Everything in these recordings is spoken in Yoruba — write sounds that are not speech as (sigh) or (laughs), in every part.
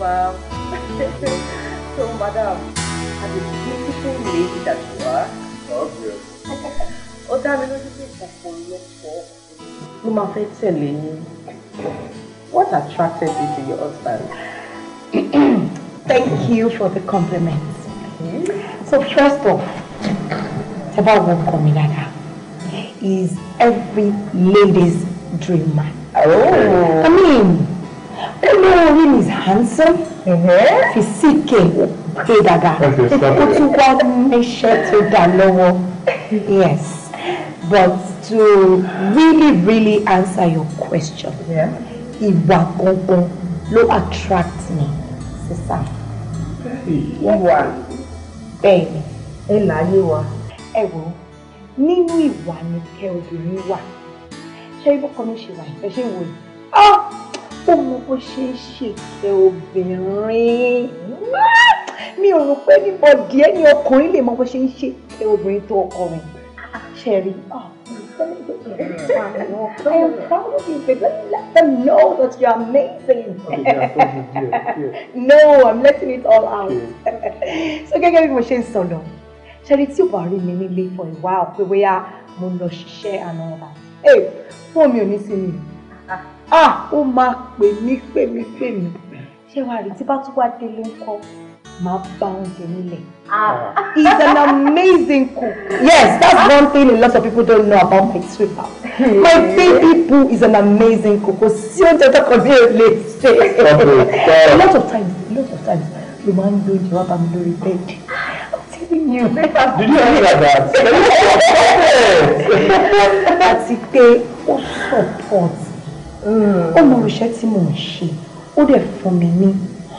ma'am. (laughs) so, madam, as a beautiful lady that you are. Obvious. Ó dá mi lójú pé ọ̀pọ̀lọpọ̀ ló máa fẹ́ tẹ̀lé yín. What attracted you to your husband? (clears throat) Thank you for the compliments. Mm -hmm. So first off, Teba Wokominada is every lady's dream man. Oh. I mean, olórin is handsome fisike pé dada ó tún wá níṣẹ́ tó dá lọ́wọ́ yes but to really really answer your question ìwà gangan ló attract me sísá. ìwà bẹ́ẹ̀ ni ẹ láyé wa. ẹ wo nínú ìwà ni kẹ obìnrin wà ṣé ibùkún mi ṣe wà ìfẹ́ ṣé ń wò yìí. Ah! ó mọ bó ṣe ń ṣèkẹ́ obìnrin mi ò rò pé ní bọ̀dì ẹ́ ni ọkùnrin lè mọ bó ṣe ń ṣèkẹ́ obìnrin tó ọkọ rẹ̀ ah, proud of you, Let them know that you amazing. no, I'm letting it all out. so gẹ́gẹ́ bí mo ṣe ń sọ lọ, ṣẹ́ni tí ò bá rí mi nílé for a while pé bóyá mo lọ ṣiṣẹ́ àná ọ̀la. Ẹ fún mi ò ní sí ah ó máa pè mí pè mí pè mí ṣé wàá rí tí bá tún wá délé ńkọ́ máa bá oúnjẹ nílẹ̀. Ah. He is an amazing cook. Yes, that's one thing a lot of people don't know about my sweeper. My baby boo is an amazing cook. Kò sí oúnjẹ tó kàn sí èlé ṣe. A lot of times, a lot of times, ló máa ń lo oúnjẹ wá bá mi lórí bẹ́ẹ̀dì. Did you hear that? Àti pé ó support Mm. ó mọ iṣẹ́ tí mò ń ṣe ó dẹ̀ fún mi ní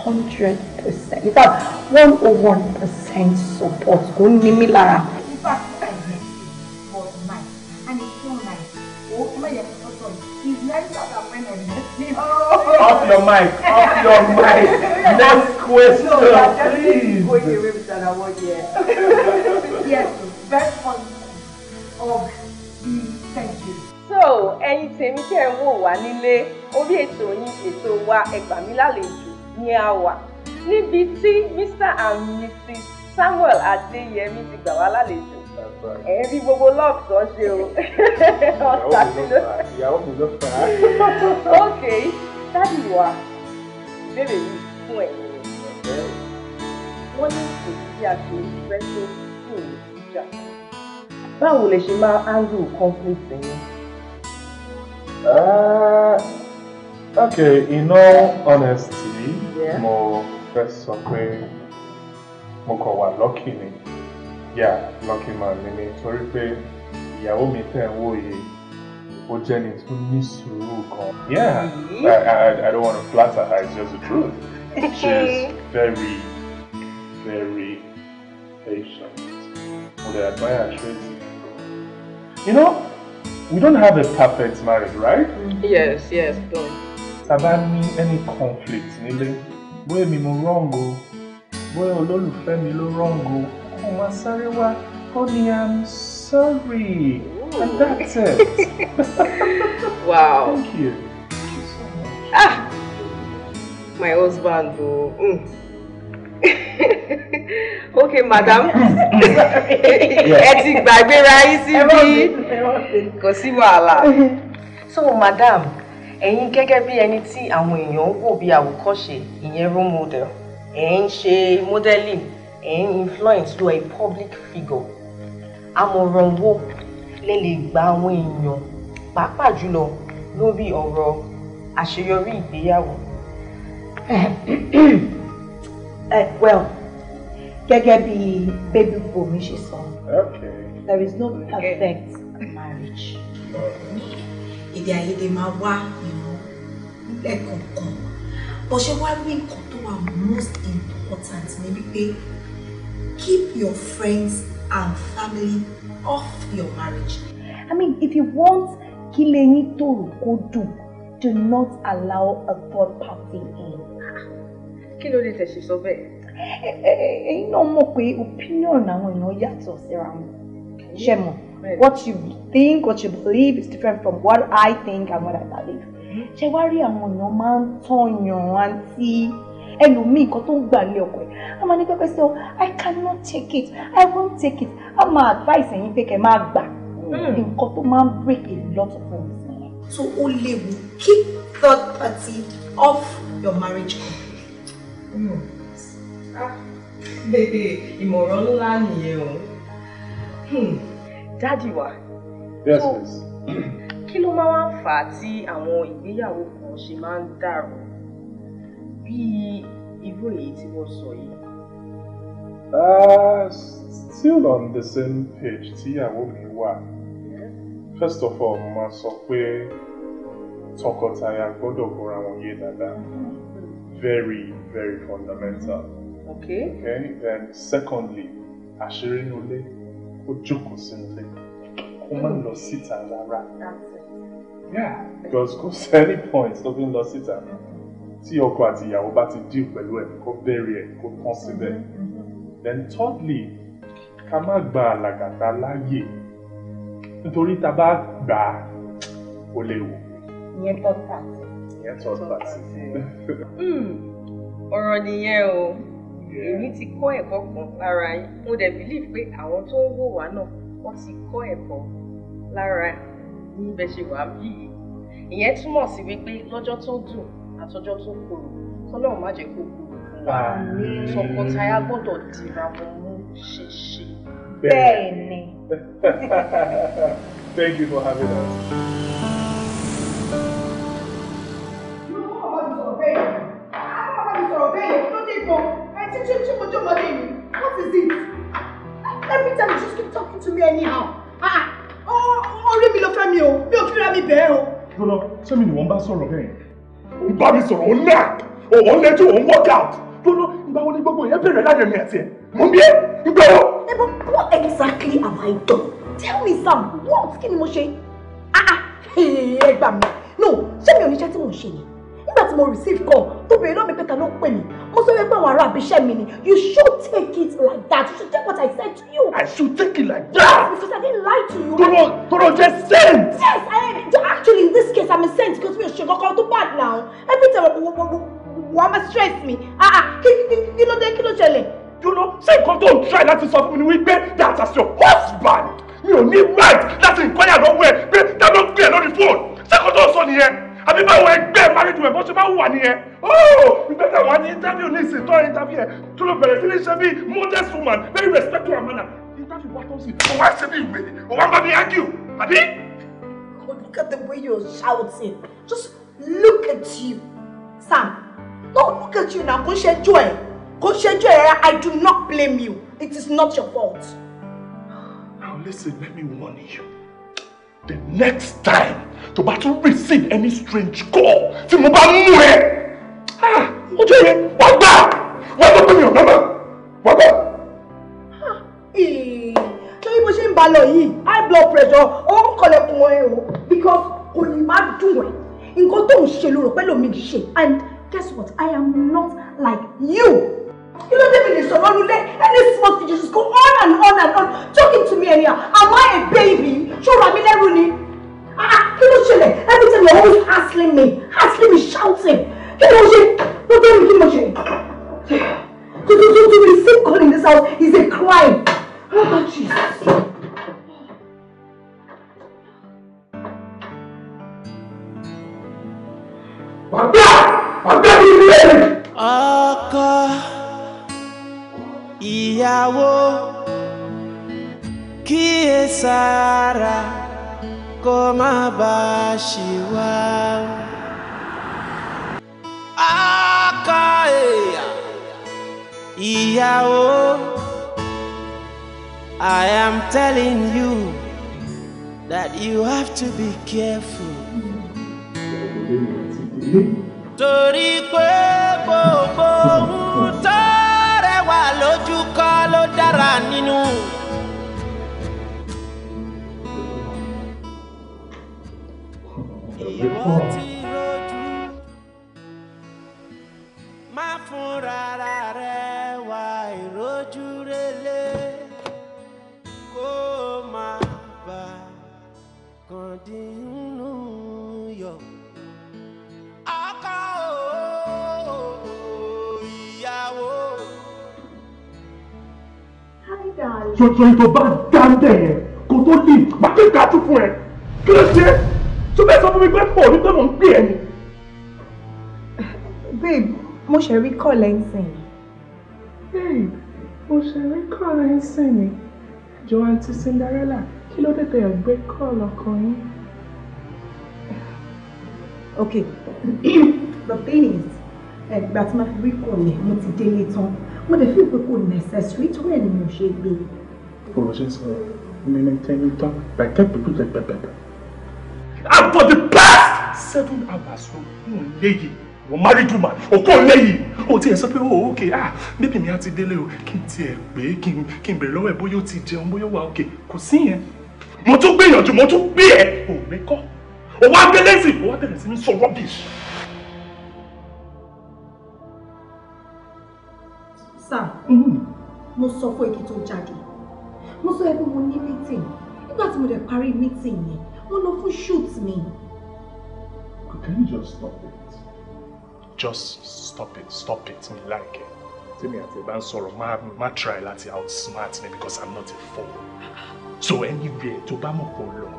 hundred percent in fact one oh one percent support kò ní mí lára. Oh, (laughs) off your mic, off your (laughs) mic. Next question, no, please. Going away with that award, yeah. yes, best on of so ẹ̀yin tèmi tẹ́ ń wò wá nílé orí ètò yín ètò wa ẹ gbà mí lálejò ní àwà níbi tí mr and mrs samuel adéyẹmí ti gbà wá lálejò ẹ rí gbogbo love tó ṣe o ọ̀sà sílò ìyàwó mi ló fà á. ok dádì wa béèrè yìí fún ẹ wọ́n ní kò sí bí a ṣe fẹ́ tó kí òun ti jà báwo lè ṣe máa handle conflict yẹn. Uh, okay, in all honesty, yeah. mo fẹ́ sọ pé mo ko wà lucky ni. Yeah, lucky man ni mi torí pé ìyàwó mi tẹ̀ ń wòye ó jẹ́ ni tó ní sùúrù kan. Yeah, mm-hmm. I, I, I don't want to flatter her, it's just the truth. (laughs) She's very, very patient. Mo lè admire her straight. You know, we don't have a perfect marriage, right? Yes, yes, don't. I ní any conflict nílé, bóyá mi mo wrong o, bóyá olólùfẹ́ mi ló wrong o, kò máa sáré wá, honey, I'm sorry, Ooh. and that's it. (laughs) wow. Thank you. Thank you so much. Ah! My husband o. Mm. (laughs) (laughs) Okay, madam (laughs) ẹ ti gbàgbéra yín sí kò sí wàhálà. so madam ẹ̀yin gẹ́gẹ́ bí ẹni tí àwọn èèyàn ń wò bí àwòkọ́ṣe ìyẹn role model ẹ̀ ń ṣe modeling ẹ̀ ń influence lo a public figure àmọ̀ràn wo lẹ lè gba àwọn èèyàn pàápàá jùlọ lórí ọ̀rọ̀ àṣeyọrí ìgbéyàwó. (clears throat) Eh, well gẹ́gẹ́ bí baby boy mi ṣe sọ there is no perfect marriage. èdè àìyedè máa wá ìrún lẹ́ẹ̀kọ̀ọ̀kan bó ṣe wá rí nǹkan tó wà most important ni wípé keep your friends and family off your marriage. I mean if you want kí lẹ́yìn tòrò kó dùn do not allow a third party in. kí ló lè tẹ̀sí sọ bẹ́ẹ̀ ẹ̀yin náà mọ̀ pé opinion àwọn èèyàn yàtọ̀ síra wọn ṣe mọ̀ what you think what you believe is different from what I think and what I believe mm-hmm. ṣe wá rí àwọn èèyàn máa ń tọ̀yàn àǹtí ẹlòmíì kan tó ń gbà lé ọkọ ẹ a máa ní pẹpẹ sọ I cannot take it I won't take it a máa advice ẹ̀yin pé kẹ́ máa gbà mm. nǹkan tó máa ń break a lot of homes. so ó léwu keep third party off your marriage. Mm bèbè ìmọ̀ràn ńlá nìyẹn o hmm. dádì wa (clears throat) kí ló máa ń fà á tí àwọn ìgbéyàwó kan ṣe máa ń dàrú bíi irú èyí tí wọ́n sọ yìí. Ah, still on the same page tíyàwó mi wà. First of all, mo máa sọ pé tọkọtaya gbọ́dọ̀ bọ́ra wọn yé dáadáa. Mm-hmm. Very, very fundamental. Mm -hmm. Okay. Okay, and secondly, àṣírí inú ilé ó jókòó sínú ilé kó má Yeah, because kò any point tó fi ń lọ síta tí ọkọ àti ìyàwó bá ti dín pẹ̀lú ẹ̀ kó bẹ̀rẹ̀ ẹ̀ Then thirdly, ká má gba àlàgàtà láàyè nítorí tá a bá gbà á ó léwu. Ìyẹn tó tà Ìyẹn tó tà hmm, Ọ̀rọ̀ nìyẹn o èmi ti kọ́ ẹ̀kọ́ kan lára yín mo dẹ̀ believe pé àwọn tó ń wò wá náà wọ́n ti kọ́ ẹ̀kọ́ lára yín bẹ́ ṣe wà bí yìí ìyẹn túmọ̀ sí wípé lọ́jọ́ tó dùn àtọjọ́ tó korò tọ́lọ́run má jẹ́ kó korò fún wa tọkọtaya gbọ́dọ̀ dìra wọn mú ṣeṣe. bẹ́ẹ̀ ni. (laughs) Thank you for having us. sẹ́mi ni wọ́n bá sọ̀rọ̀ bẹ́ẹ̀ ń bá mi sọ̀rọ̀ ó nà ó lẹ́jọ́ ó ń work out lọ́nà ìgbà wo ni gbogbo yẹn bẹ̀rẹ̀ láyé mi àti ẹ̀ mo ń bí ẹ́ ìgbà wo. ẹ bọ what exactly have I done tell me sam what kí ni mo ṣe ah ah (laughs) ẹ gbà mí no ṣé mi ò ní iṣẹ́ tí mo ṣe yẹn tí mo receive call tó bèrè lọ́mi pé ta ló pè mí mo sọ pé àwọn ará àbíṣẹ́ mi ni you should take it like that you should take what I said to you. I should take it like that. because I didn't lie to you. Toro Toro jẹ saint. Yes, I am actually in this case I'm a saint because mi ò ṣe kankan tó bad now every time wàá ma stress me. ah ah kí ló dé kí ló ṣẹlẹ̀. You know, ṣé nǹkan tó try láti sọ fún mi ni wípé that as your husband mi ò ní mind. láti inquire lọ́wọ́ ẹ pé ta ló ń gbé ẹ lórí fóònù ṣé nǹkan tó sọ nìyẹn àbí báwo ẹgbẹ́ marriage wẹ̀ bó ṣe máa wà nìyẹn ooo oh, ìgbẹ́ta wà ní interview ní ìsìn interview ẹ̀ tó ló bẹ̀rẹ̀ sí ní ṣe bí modest woman very respectful and manner interview wà tó sì ó wá ṣe bí ìwé ó wá bá mi argue àbí. Look at the way you're shouting just look at you Sam no look at you na kò ṣẹjọ ẹ kò ṣẹjọ ẹ I do not blame you it is not your fault. Now listen let me warn you the next time tó bá tún receive any strange call tí mo bá mú ẹ ojú ẹ wà gbà wà tó pè mí ọ̀nà náà wà gbà. torí bó ṣe ń ba lọ yìí high blood pressure ó ń kọlẹ̀kùn ẹ o because kò ní má dùn ẹ nǹkan tó ń ṣe ló rò pé lómi kì ṣe and guess what I am not like you you know dem dey sọ̀rọ̀ lulẹ̀ any small thing just go on and on and on talking to me anyhow am I a baby ṣọ́ra mi lẹ́rù ni. Ah, kí ló ṣẹlẹ̀? Every time you're always hassling me, hassling me, shouting. Kí ló ṣe? Mo tẹ́ mi kí mo ṣe. To to to to receive call in this house is a crime. Oh, Jesus. Bàbá! Bàbá mi ní ẹ̀rì! Ọkọ ìyàwó kíyèsára kó má bá ṣì wá. ọkọ èèyàn ìyàwó I am telling you that you have to be careful. torí pé gbogbo ohun tó rẹwà lójú kọ́ ló dára nínú. èyí pọ̀. má fún rárá rẹ wá ìrójú relé kó má bà kàn dín tó lè má kéka tún fún ẹ kí ló ṣe tó bẹ́ẹ̀ sọ fún mi pé pọ̀ ní pé mò ń pè ẹ́ ni. babe mo ṣe rí kọ́ lẹ́sìn. babe mo ṣe rí kọ́ lẹ́sìn ni jọ àǹtí Cinderella kí ló dé tẹ̀ gbé kọ́ lọ́kàn yín. okay the thing is ẹgbà tí ma fi rí kọ́ yẹn mo ti délé tán mo lè fi ìpè kò necessary tó ẹ̀ ni mo ṣe gbé. bọ̀rọ̀ ṣe sọ mi ní tẹ́lẹ̀ tán bàtẹ́ pẹ̀lú ìgbàgbàgbà for the past seven hours ló kún léyìí mo married woman òkú léyìí o tiẹ̀ sọ pé o òkè e oh, ah bébì mi á ti délé o kí n tiẹ̀ e pé kí n kí n bèrè lọ́wọ́ ẹ̀ e bóyá ó ti jẹun bóyá ó wà òkè kò sí yẹn mo tún gbìyànjú mo tún gbé ẹ ò mẹ́kọ́ o wá délé sí o wá bẹ̀rẹ̀ sí ní sọ rubbish. sir mm-hmm. mo sọ fún èkìtì ó jáde mo sọ ẹ pé mo ní meeting nígbà tí mo dẹ̀ parí meeting yẹn wọ́n lọ fún shoot mi. Can you just stop it? Just stop it, stop it, Me like it. Tèmi me ẹ̀ bá ń sọ̀rọ̀ máa máa try láti outsmart me because I'm not a fool. So anyway, tó bá mọ̀ pọ̀ lọ,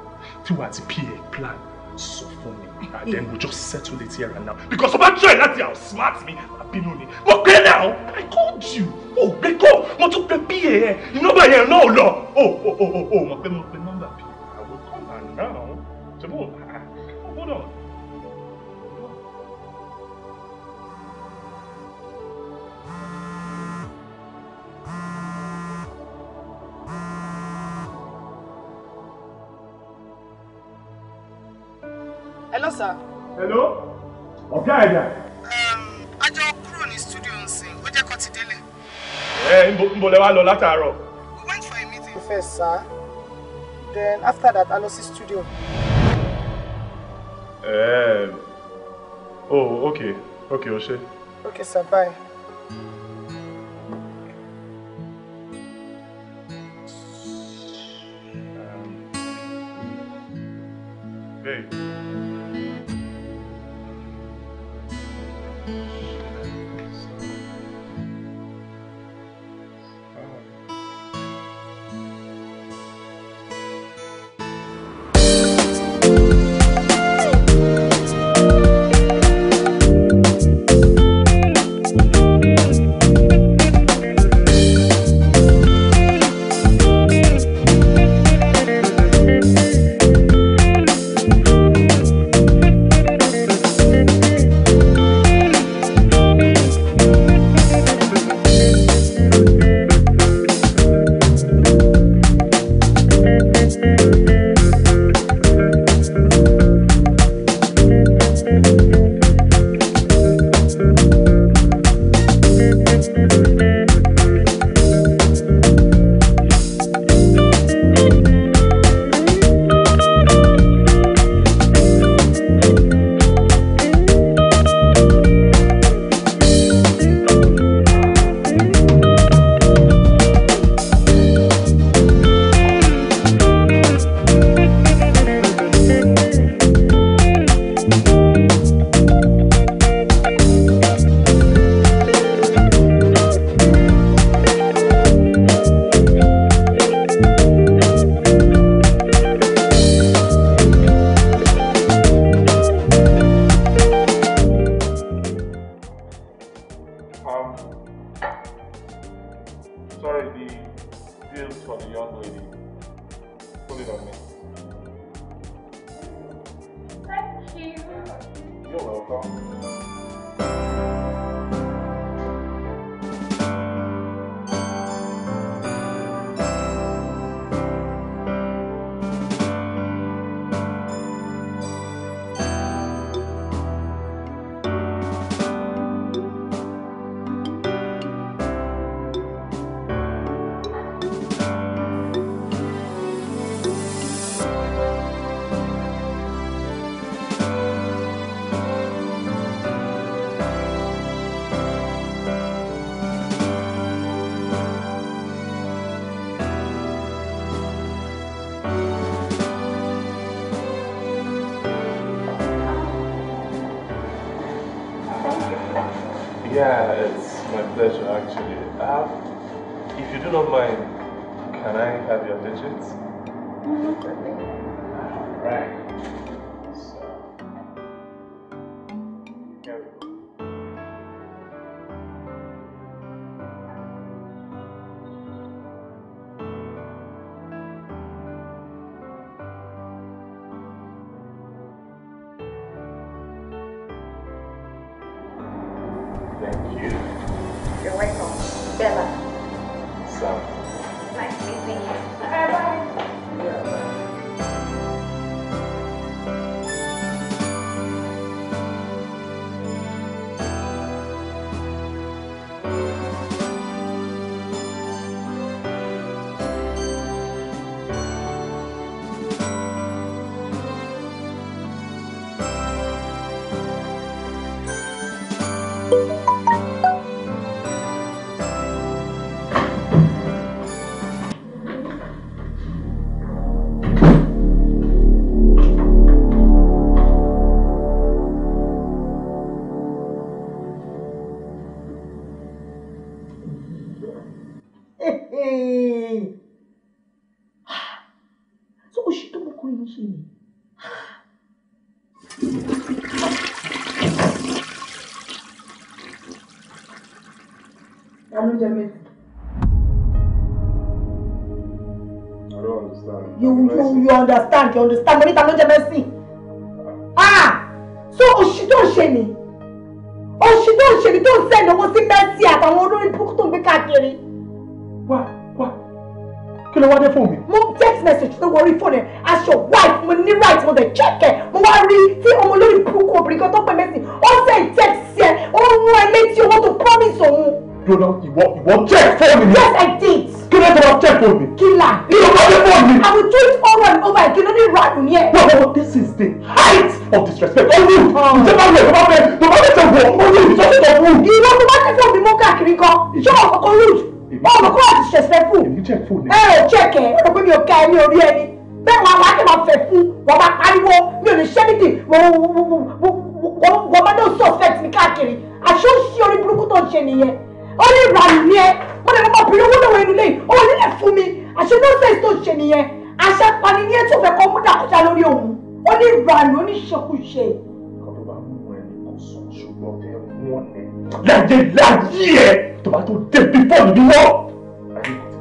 tí wàá PA plan so fún mi and then we just settle it here and now because ọba try láti outsmart me abinu ni mo gbé now I called you o gbé kó mo tún gbé PA ẹ nọ́mbà yẹn náà lọ Oh, oh, oh, oh, mọ̀ pé mo gbé. sir. hello ọ̀gá ẹ̀dá. a jọ kúrò ní studio nsìn ó jẹ́ kó ti délé. ẹ ń bo lẹ wá lọ látàárọ̀. we went for a meeting first sir then after that a lọ sí studio. ẹ um, oh okay, okay, o ṣe. ok sir bye. Hey. you you you understand you understand mo níta ló jẹ mẹ́sìn ah so oṣù tó ń ṣe ni oṣù tó ń ṣe ni tó ń sẹ́ni owó sí mẹ́sì àtàwọn olórí burúkú tó ń gbé káàkiri. wá wá kí ló wá dé fóònù mi. mo text message worry for fóònù ẹ aṣọ white mo ní right mo dẹ̀ check ẹ mo wá rí tí ọmọ to be carried. kan tó pè mẹ́sì ó send text ẹ ó rún ẹ létí owó tó promise òun. dundun ìwọ ìwọ check fóònù mi. yes i did kí ló tọrọ check for me? kílà you ló tọrọ tẹ fún mi. I will do it over and over again lórí ìranù ni ẹ. no no this is the height of disrespect Oh, you. ó here. ìjọba rẹ here. bá fẹ́ here. bá fẹ́ here. wọ ó ní ìjọba tó wù. ìwọ tó here. tẹ fún mi mú káàkiri kan ṣọwọ kọkọ rude ọmọ kọ́ àti disrespectful. èmi check fóònù ẹ. ẹ ò check ẹ ó rò pé mi ò ká ẹ ní orí ẹni bẹ́ẹ̀ wá wá kí n máa fẹ̀ fún wọ́n máa pariwo mi ò ní ṣe ní tì wọ́n máa ní suspect mi káàkiri àṣọ sí orí burúkú tó ń ṣe nìyẹn ó ní ìrànì ni ẹ mo lè máa bèrè owó lọ́wọ́ ẹnu lẹ́yìn owó nílẹ̀ fún mi àṣẹ nọ́ọ̀sẹ̀sì tó ṣe nìyẹn àṣẹ pani ni ẹ tó fẹ́ kọ́ mú dàkọjá lórí òun ó ní ìrànì ó ní ṣekúṣe. láyé láyé ẹ tòmátò débi fọ́ọ̀lù mi wọ́.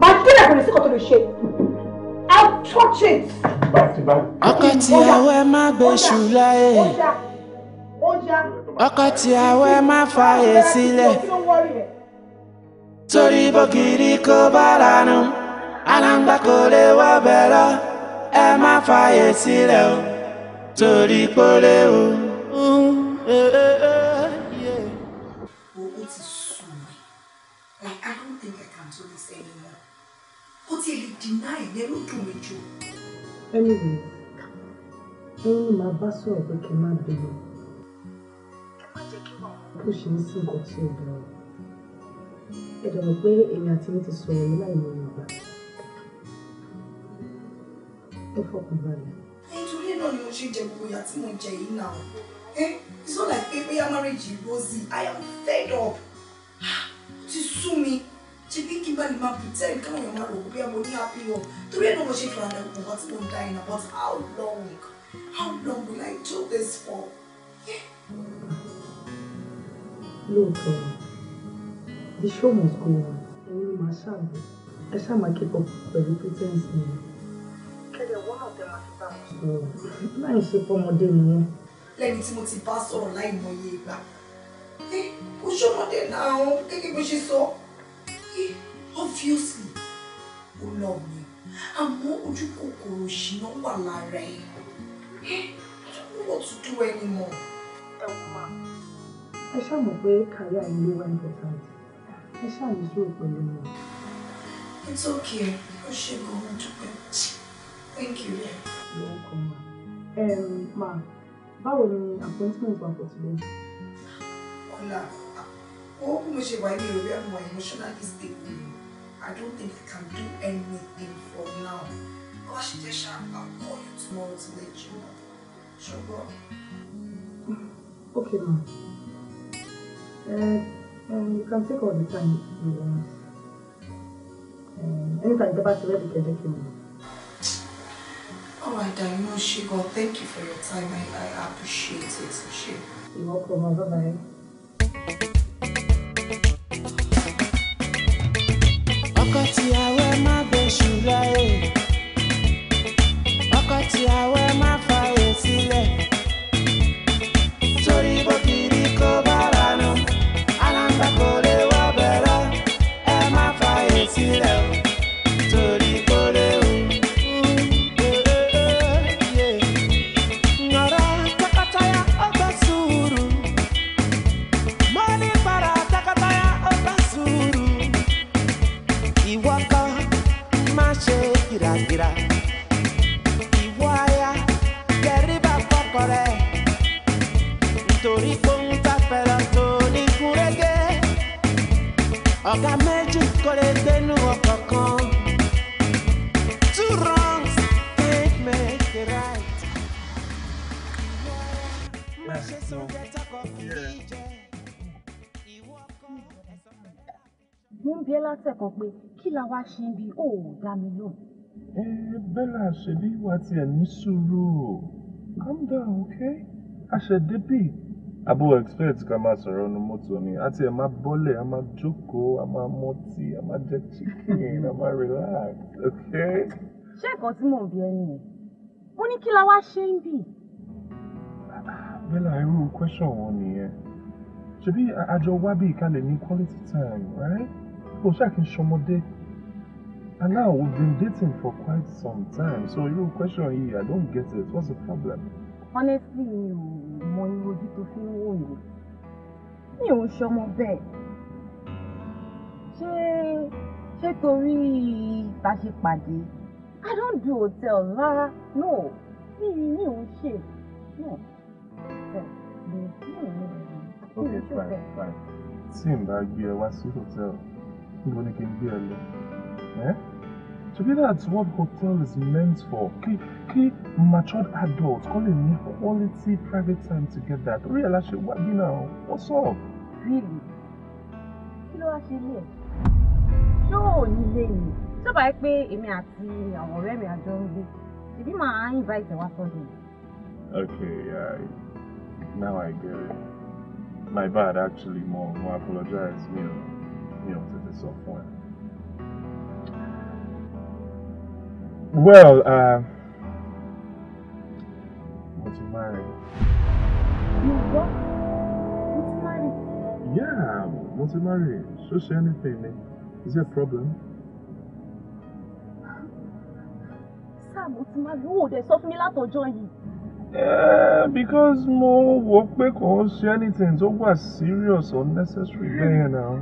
màá dé ẹ̀kọ́ lè sí kòtò lè ṣe. I'll touch it. Wákàtí àwẹ̀ má gbèsù láyé. Wákàtí àwẹ̀ má fààyè sílẹ̀ torí bògiri kò bára nu aláǹgbá kò lè wọ bẹ̀rọ ẹ e má fààyè sílẹ̀ o torí mm, eh, eh, eh, kò I don't think I can do this anymore. Ó ti lè deny ìyẹn ló dùn mí jù. Anyway, wọ́n ní màá bá sọ̀rọ̀ pé kí n má bẹ̀rẹ̀. Ẹ má jẹ́ kí wọ́n. Bó ṣe ń ẹ pé èmi àti mi ti sọ̀rọ̀ yìí láì mọ ìgbà ẹ fọkàn balẹ̀. nítorí náà ni mo ṣe jẹ gbogbo ìyà tí mo jẹ yìí náà ẹ it's not like pé bóyá marriage rosy i am fed up ah, ti sú mi ṣe bí kí n bá lè máa pretend káwọn èèyàn máa rò bóyá mo ní happy o torí ẹ̀ náà mo ṣe fi àwọn ẹ̀kọ́ kan tí mo ń dá iná but how long how long will i do this for. lóòótọ́ yeah. The show must go on. Ẹ̀yin ló máa ṣàbò. Ẹ ṣáà máa keep up pẹ̀lú pretense ni. Kẹ̀lẹ̀ wọ́n náà tẹ máa fi bá I'm not Láì ṣe fọmọdé ni Let me see mo ti bá sọ̀rọ̀ láì mọye Hey, Ẹ ó ṣọmọdé náà gẹ́gẹ́ bó ṣe saw. Hey, obviously ó lọ mi. Àmọ́ ojú kòkòrò ṣìnà wà lára Hey, I don't know what to do anymore. Ẹ wọ́n máa. Ẹ ṣàmọ̀ pé kàrí àìlú wà important ẹ ṣàlùyé sóò pẹ̀lú mi. It's okay ó ṣe gan-an dúpẹ́ thank you. You're welcome ma. ma báwo ni appointment wa pọ̀ sílẹ̀? Ọ̀la ó bí mo ṣe wà ní orí ọmọ emotionally stable I don't think I can do anything for now. Gosh, Desha, I'll call you tomorrow to let you know. Sure, bro. Okay, ma. Uh, kàǹtí kọ̀ nípa ìwọ nípa ìjọba bá ti rẹ́ẹ̀dì kẹ́jẹ́ kí n mọ̀. All right, Daimo Shigo, thank you for your time. I, I appreciate it. She. You're welcome. Bye-bye. ọkọ tí gbéragbéra. ìwọ aya tẹríba fọ́kọ rẹ nítorí pé ń tafẹ́ tó ní kúrégé. ọ̀gá méjì kò lè gbénu ọkọ̀ kan. two wrongs can't make a right. Ah, pé kí la wá ṣe ń bi ó dá mi lóhùn ẹ bẹ́là ṣebí wà tí ẹ̀ calm down okay àṣẹdébì abo expect ká máa sọ̀rọ̀ nu mọ́tò ni àti ẹ̀ máa bọ́lẹ̀ a máa jókòó a máa mọtí a máa jẹ chicken a máa relax okay. ṣé nǹkan tí mò ń bí ẹ mo ní kí la wá ṣe ń bì. bẹ́là irú question wọn nìyẹn ṣebí àjọ wábì ká lè ní quality time right? kò ṣáà kí n ṣọmọdé. And now we've been dating for quite some time, so you know, question here, I don't get it. What's the problem? Honestly, mi ò mọ to tó fi ń wò yìí. Mi ò ṣọmọ She Ṣé ṣé torí ta I don't do hotel rárá. No, mi mi ò No. Okay, fine, fine. Tí n bá gbé ẹ wá hotel, níbo ni kí n gbé ẹ Eh? To that's what hotel is meant for. Okay, kí matured adults calling me quality private time together. Real ẹ̀ what ṣe wá What's up? Really? You know wá ṣe ilé ẹ̀? Ṣé ò ní ilé yìí? Tó bá yẹ pé èmi àti àwọn ọ̀rẹ́ mi àjọ ń gbé, ṣèbí invite the wá sọ́dọ̀ Okay, I, now I get it. My bad actually, more mo apologize You know, you know, to sọ fún ẹ. Well, uh, mo ti marry. You what? Mo you marry? Yeah, mo you marry. So say anything, eh? Is there a problem? Sir, mo you marry. Eh, wò ó dẹ̀ sọ to join you? yìí. because more work pé kò ń anything tó wà serious or necessary bẹ́ẹ̀ náà.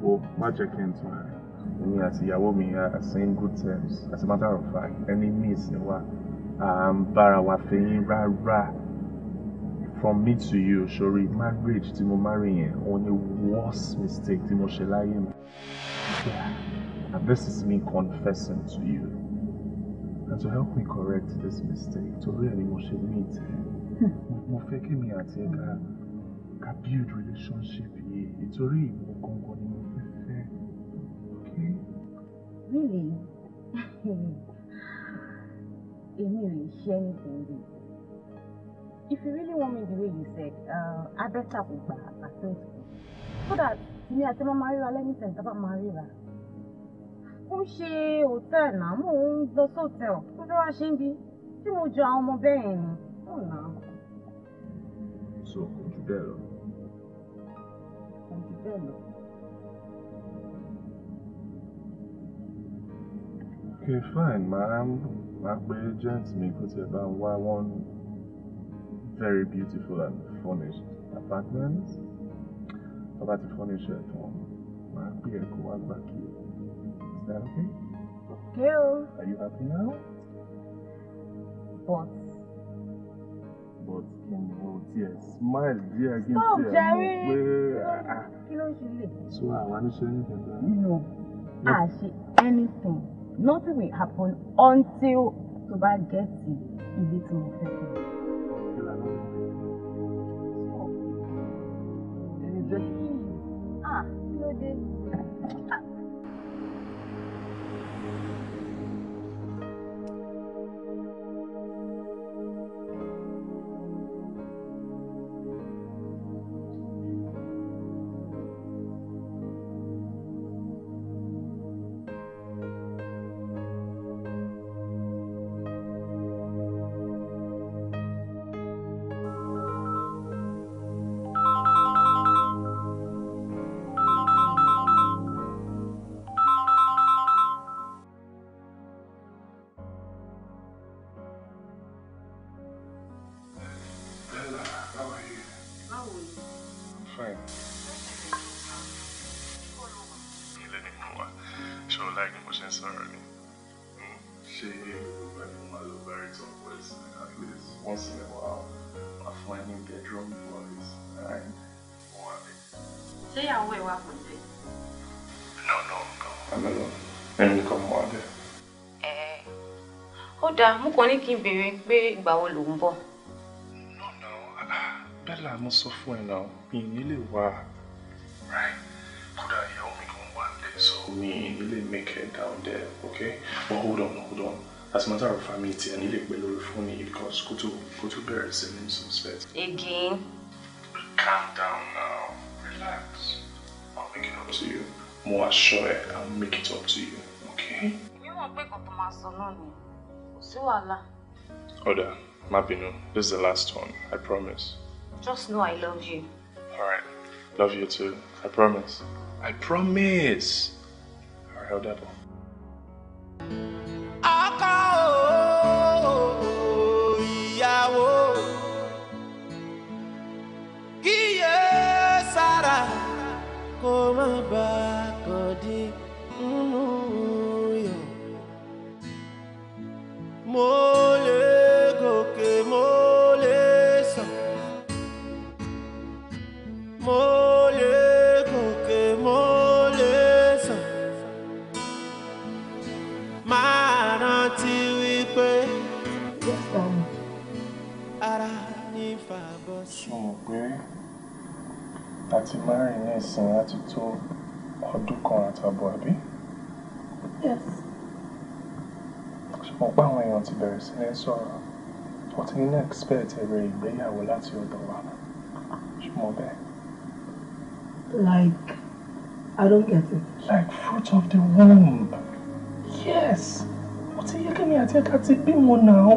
Wo má jẹ́ kí n èmi àti ìyàwó mi are saying good terms as a matter of fact any means ni wa à ń bára wa fẹ̀yìn rárá from me to you sori marriage tí mo marry yẹn òun ni worst mistake tí mo ṣe láyé mi yeah. and this is me confessing to you and to help me correct this mistake torí ẹni mo ṣe meet mo fẹ́ kí mi àti ẹ̀ka ká build relationship yìí ìtorí ìmọ̀ kan really èmi ò lè ṣe anything big if you really want me the way you said uh, abẹ́tà back gbà àtúntò so that èmi àti mama ríra lẹ́yìn tẹ̀ tábà máa ríra ó ń ṣe hòtẹ́ẹ̀lì náà she ń lọ sóòtẹ́ẹ̀lì tó fẹ́ wá ṣe ń bí tí mo jọ àwọn ọmọ bẹ́ẹ̀ yẹn ni so kò jù bẹ́ẹ̀ lọ. okay fine màá màá pe agent mi kó tiẹ̀ bá wá one very beautiful and furnished apartment tó bá ti furnish ẹ̀ tán màá pè ẹ́ kó wá gbà kí is that okay? okay o. are you happy now? but but kí ni o tiẹ̀ smile díẹ̀ kí n tiẹ̀ mọ̀ pé ah, ah. kí ló ṣe lè. so àwa ní ṣe anything. mi ò. anything nothing will happen until tó gets the ilé tí mo hmm, Ah, kí ló dé? ní kí n béèrè pé ìgbà wo lòun bọ̀. Ah, bẹ́ẹ̀ la mo sọ fún ẹ náà mi ì nílé wá kódà ìyàwó mi kò ń wá lé so mi ì nílé make it down there okay but hold on hold on as a matter of family, mi ti ẹ nílé lórí fún because kó tó kó tó bẹ̀rẹ̀ sí ní suspect. again. calm down now relax I'll make it up to you mo assure ẹ I'll make it up to you okay. mi ò mọ̀ pé kò tó máa sọ náà ni. So Allah. Oda, Mabino, this is the last one. I promise. Just know I love you. Alright. Love you too. I promise. I promise. Alright, Oda. Kíyèsára mo lè gòkè mo lè sàn mo lè gòkè mo lè sàn máa rántí wípé ara ní fàbọ̀ sí. mo mọ̀ pé àti márùn-ún kan àtààbọ̀ àbí. yes mo pa àwọn èèyàn ti bẹ̀rẹ̀ sí ní sọ̀rọ̀ wọ́n ti ní expect èrè ìgbéyàwó láti ọ̀dọ̀ wa ṣùgbọ́n bẹ́ẹ̀. Like, I don't get it. Like fruit of the womb. Yes, ó ti yẹ kí mi àti ẹ̀ka ti bímọ náà.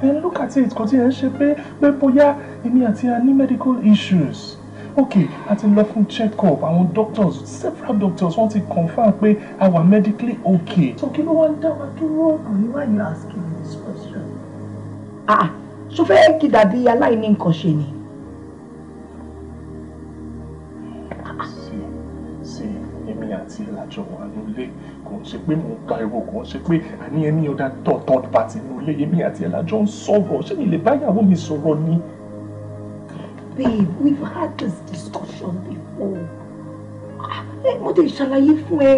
Then look at it, kò tí ẹ ń ṣe pé pé bóyá èmi àti ẹ ní medical issues. Okay, a ti lọ fún check up àwọn doctors several doctors wọ́n ti confirm pé I wà medically okay. so kí ló wá ń dá wa dúró ọkùnrin why you asking me this question. ah so ah, fẹ́ kí dàbí aláìní nǹkan ṣe ni. Ah, ah, àti ìlàjọ wà nílé kò ń ṣe pé mò ń pariwo kò ń ṣe pé àní ẹni ọ̀dà tọ̀ third party nílé yẹmí àti ìlàjọ ń sọ̀rọ̀ ṣé mi lè bá ìyàwó mi sọ̀rọ̀ ni babe we've had this discussion before mo tẹ ṣàlàyé fún ẹ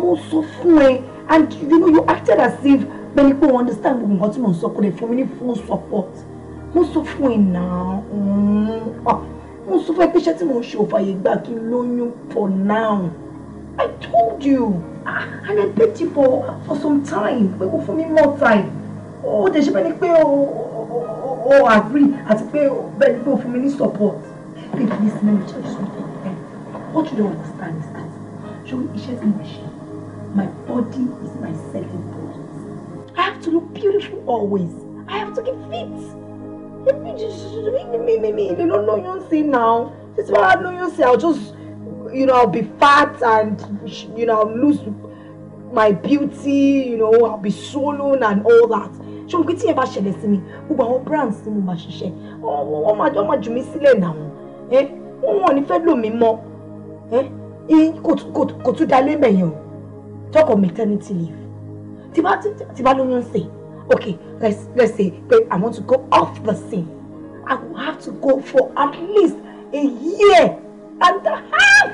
mo sọ fún ẹ and you know you acted as if bẹ́ẹ̀ understand gbogbo nǹkan tí mo ń sọ kó fún mi ní full support mo sọ fún ẹ náà mm-hmm. ah, mo sọ fún ẹ pé iṣẹ́ tí mo ń ṣe ò fàyè gbà kí n lóyún for now I told you ah, and I begged you for for some time pé kó fún mi more time ó tẹ ṣe bẹ́ẹ̀ ni pé o ó agree àti pé bẹ́ẹ̀ ni pé ó fún mi support babe lis let me tell you something eh, what you don't understand is that ṣé issues in mo ṣe my body is my selling point I have to look beautiful always I have to keep fit me, me, me. mi don't know lóyún see now this is what I lóyún see. I'll just you know I'll be fat and you know lose my beauty you know I'll be swollen and all that ṣùgbọ́n pé tí yẹn bá ṣẹlẹ̀ sí mi gbogbo àwọn brands tí mo máa ṣiṣẹ́ wọ́n máa wọ́n máa jù mí sílẹ̀ náà wọ́n wọ́n ní fẹ́ lò mí mọ́ kò tún dalé mẹ́yẹn o talk of maternity leave tí bá tí bá lóyún sí okay let's let's say pé I want to go off the scene I will have to go for at least a year and a half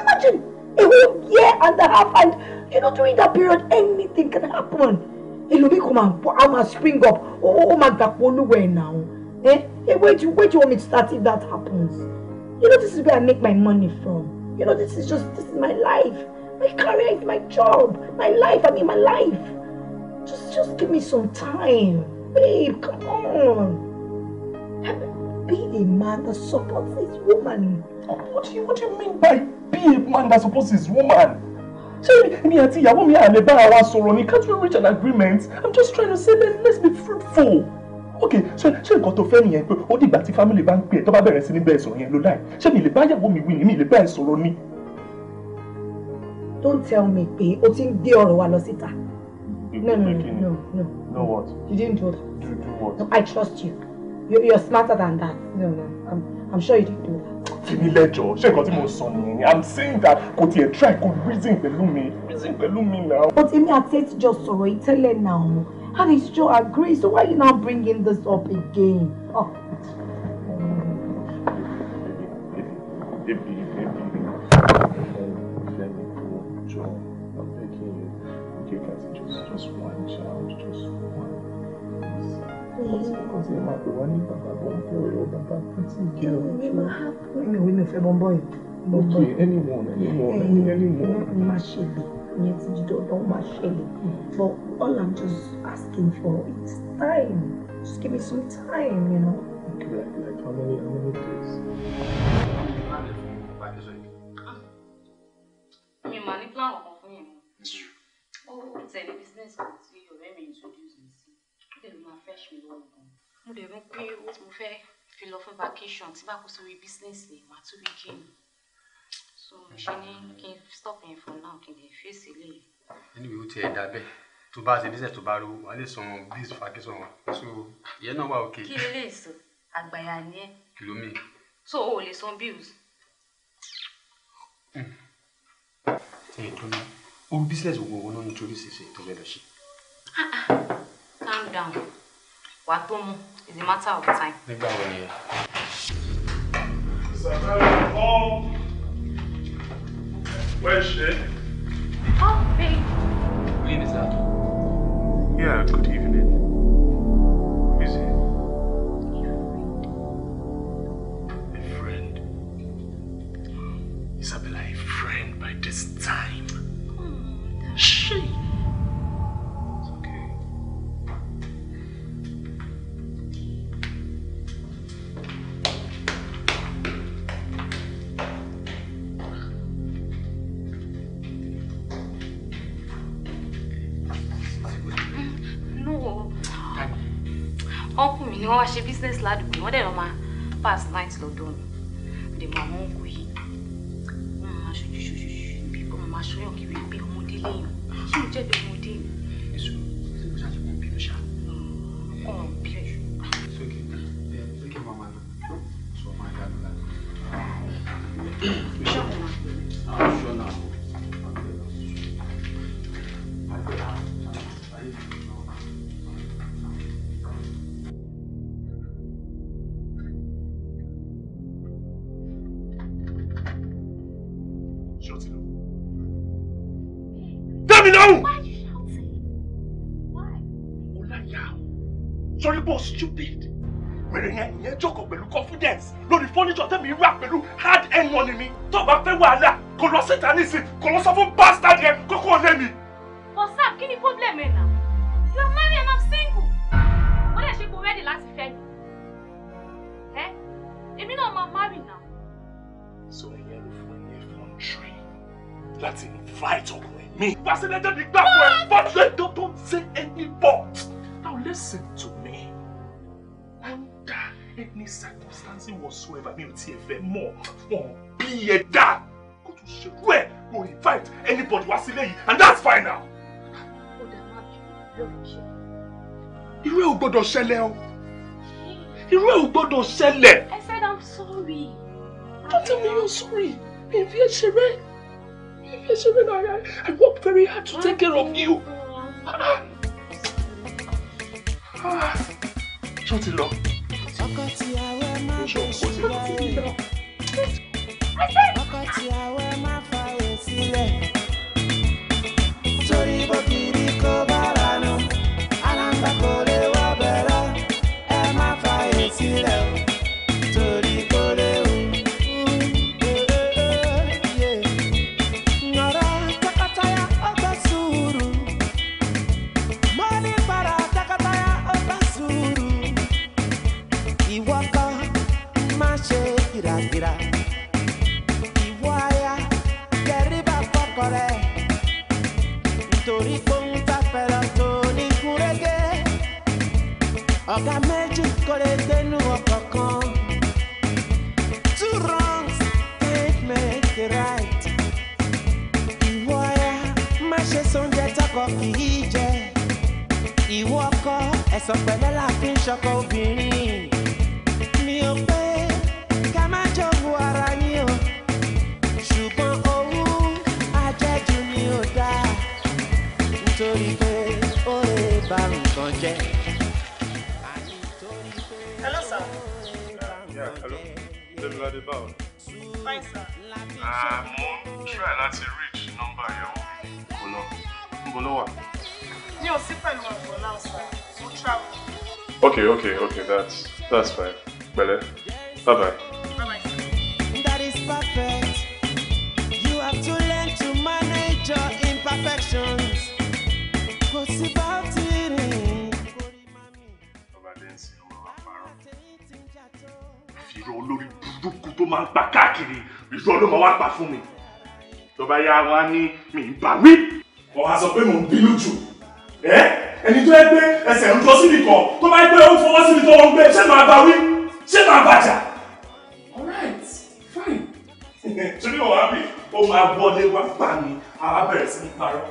imagine a whole year and a half and you know during that period anything can happen ẹlòmíì kan máa bọ́ á spring up ó máa gbàpọ̀ olúwa ẹ̀ náà ẹ eh, ẹ eh, where do you where do you want me to start if that happens you know this is where I make my money from you know this is just this is my life my career my job my life I mean my life just just give me some time babe come on be a man that supports his woman. What do you what do you mean by be a man that supports his woman? me èmi àti ìyàwó mi me bá ara sọ̀rọ̀ ni can't we reach an agreement i'm just trying to say let's be fruitful okay? ṣe ṣe got tó fẹ́ nìyẹn pé ó dìgbà family bank pay. pè ẹ́ tó bá bẹ̀rẹ̀ sí ní bẹ́ẹ̀ sọ̀rọ̀ yẹn ló dáì ṣé mi lè bá ìyàwó mi don't tell me pé o ti ń gbé ọ̀rọ̀ wa lọ síta. no no no no no what? you didn't do that. do do what? no i trust you you you're smarter than that no no i'm i'm sure you didn't do that fimi lẹ́jọ́ ṣé nǹkan tí mo sọ ni i'm saying that kò tiẹ̀ try kò reason pẹ̀lú mi reason pẹ̀lú mi now. but èmi àti ẹ jọ sọ̀rọ̀ yìí tẹ́lẹ̀ náà and he still agree so why are you now bringing this up again. Oh. just one child, just one wọ́n ti máa pè wọ́n ní bàbá bọ́ńkẹ́ ọ̀rọ̀ bàbá pété ìkẹ́ ọ̀rọ̀ ṣùgbọ́n ìwé mi ò fẹ́ bọ́ńbọ́ì. Okay, anyone, anyone, anyone. Mashele, yes, you don't know Mashele. But all I'm just asking for is time. Just give me some time, you know. Okay, like, how many, how many days? Mi ma ní plan ọ̀kan fún yẹn. Ó tẹ̀lé business kan tí ọ̀rẹ́ mi ń sojú fẹ́ ṣe lọ ògùn mo dẹ̀ rò pé owó mo fẹ́ fi lọ fún vacation tí bá kó sórí bísínẹ́sì màá tún rí géèmù so mo ṣe ní kí n stop yẹn for now kí n lè fèsì lè. nínú ìwé tí ẹ dá bẹ́ẹ̀ tó bá ti níṣẹ́ tó bá ro wà á lè san bills fún akẹ́sọ̀ wọn so ìyẹn náà wà OK? kí lè lè sọ àgbàyà ni ẹ. kìlómì. so o ò lè san bills. Hmm. ẹ̀ẹ́dùn náà orí bísíǹsì gbogbo owó náà nítorí ṣèṣe tó fẹ́ lọ ṣe. Ah, ah. wà it's a matter of time. nígbà wo ni ẹ. ìsàbẹ̀rẹ̀ ọ́ wẹ́ẹ̀ ṣe. oh babe. good evening yeah good evening. dẹ̀ lọ pas. pass tiẹ̀ fẹ́ mọ̀ wọn bí ẹ dá kó tún ṣerú ẹ̀ kó invite anybody wá sílé yìí and that's fine now. irú ẹ̀ ò gbọ́dọ̀ ṣẹlẹ̀ o irú ẹ̀ ò gbọ́dọ̀ ṣẹlẹ̀. I said I'm sorry. don't tell me you're sorry if you ṣe rẹ if you ṣe rẹ na I I work very hard to take care of you. Ah. Ah. ṣé o ti lọ. ọkọ ti àwẹ̀ wákàtí àwẹ̀ máa fààyè sílẹ̀. gbìràgbìrà ìwọ aya tẹríba fọ́kọ rẹ nítorí pé ń bá fẹlẹ tó ní kúrégé ọ̀gá méjì kò lè gbénu ọkọ̀ kan two wrongs can't make a right ìwọ aya má ṣe sóúnjẹ tọkọ kì í jẹ ìwọ ọkọ ẹ̀sọ̀ pẹ̀lẹ́ la fi ṣọkọ obìnrin. Lọ́dẹ báwo. Fine sir. Ah, mo ń try láti reach nọ́mbà ìyàwó kò lọ. Níbo ló wà? Mi ò sí pẹ̀lú ọ̀pọ̀ náà Mo travel. Okay, okay, okay, that's that's fine. Pẹ̀lẹ́, bye bye. Bye bye. Ọba Dẹ́nsì ló máa ń parọ́. Fi ro olórí burúkú tó máa ń pa káàkiri ìṣọ́ ló máa wá pa fún mi tọba ya wa ní mi ń bá wí. ọ̀hà sọ pé mò ń bínú jù ẹ́ ẹni tó yẹ pé ẹsẹ̀ ń lọ síbi kan tó bá yẹ ó fọwọ́ síbi tó wọ́n gbé ṣé màá bá wí ṣé màá bàjà. alright fine. torí ọ̀hà mi ó máa bọ́ lé wá bá mi àwa bẹ̀rẹ̀ sí ní parọ́.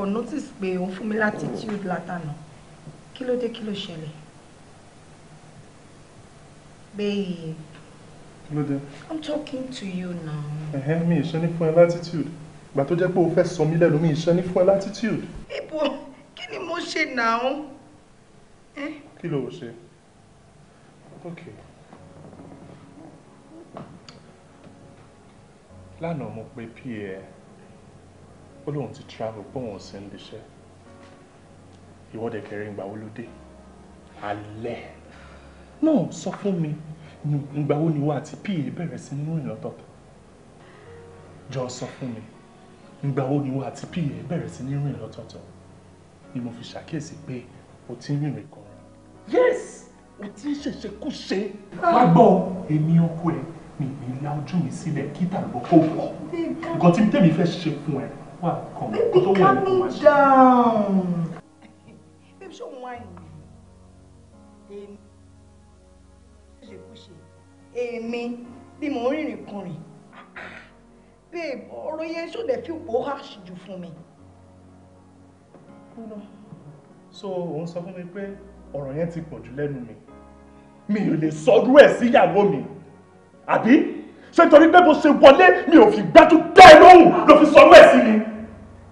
kò notice pé òun fún mi latitude látànà kí ló dé kí ló ṣẹlẹ̀ babe. kí i'm talking to you now. ẹ̀hẹ́ mi ìṣe ní fún ẹ latitude ìgbà tó jẹ́ pé o fẹ́ sọ mí lẹ́nu mi ìṣe ní fún ẹ latitude. ibo kí ni mo ṣe now. kí ló ṣe. okay. lánàá mo pe pa ó lóun ti travel bóun sì ń diṣẹ́ ìwọ́de kẹrin ìgbà wo ló dé alẹ́ náà sọ fún mi ìgbà wo ni wà àti pa bẹ̀rẹ̀ sí nínú ìlọ́tọ̀ jọ sọ fún mi ìgbà wo ni wà àti pa bẹ̀rẹ̀ sí nínú ìlọ́tọ̀tọ̀ ni mo fi ṣàkíyèsí pé o ti ń rìnrìn kan yes o ti ń ṣẹ̀ṣẹ̀ kú ṣe. wá gbọ́ èmi ọkọ ẹ mi ìlà ojú mi sílẹ̀ kí tàbí ọkọ̀ wọ̀ nǹkan tí tèmi fẹ́ ṣe fún ẹ Wà kàn Baby calm me down. Baby show me. wáyé ni? Èmi you ṣe kú ṣe. Èmi bí mo ń rìnrìn kùnrin. Babe ọ̀rọ̀ yẹn ṣó lè harsh jù fún mi. So òun sọ fún mi pé ọ̀rọ̀ yẹn ti pọ̀ jù lẹ́nu mi. Mi ò lè sọdú ẹ̀ síyàwó mi. Àbí? ṣe torí pé bó ṣe wọlé mi ò fi gbájú dá ẹ lóhùn ló fi sọ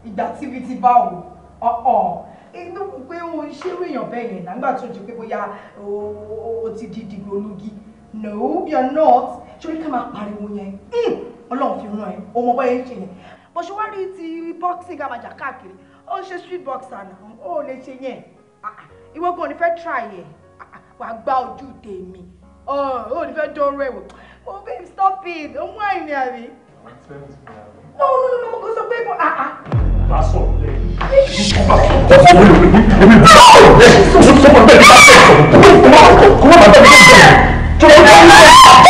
ìgbà tíbi ti bá wò ọ̀ọ̀ inú pé o ń ṣerú èèyàn bẹ́ẹ̀ yẹn nígbà tó jẹ́ pé bóyá o ti di dìgbò ológi no you're not ṣorí ká máa pariwo yẹn hmm, ọlọ́run fi ràn ẹ́ o mọ bọ́yẹ ń ṣe yẹn bó ṣe wá rí ti boxing amajà káàkiri ó ṣe street boxer náà ó lè ṣe yẹn ah, ah, ìwọ gan ò ní fẹ́ try yẹn ah, wàá gbá ojú tèmi ó ní fẹ́ dánwó ẹ̀wò oh babe stop it ó mú àìní àbí no no no mo kàn sọ pé mo ah ah. bá sọ lẹ bá sọ lẹ bá sọ lẹ bá sọ lẹ bá sọ lẹ.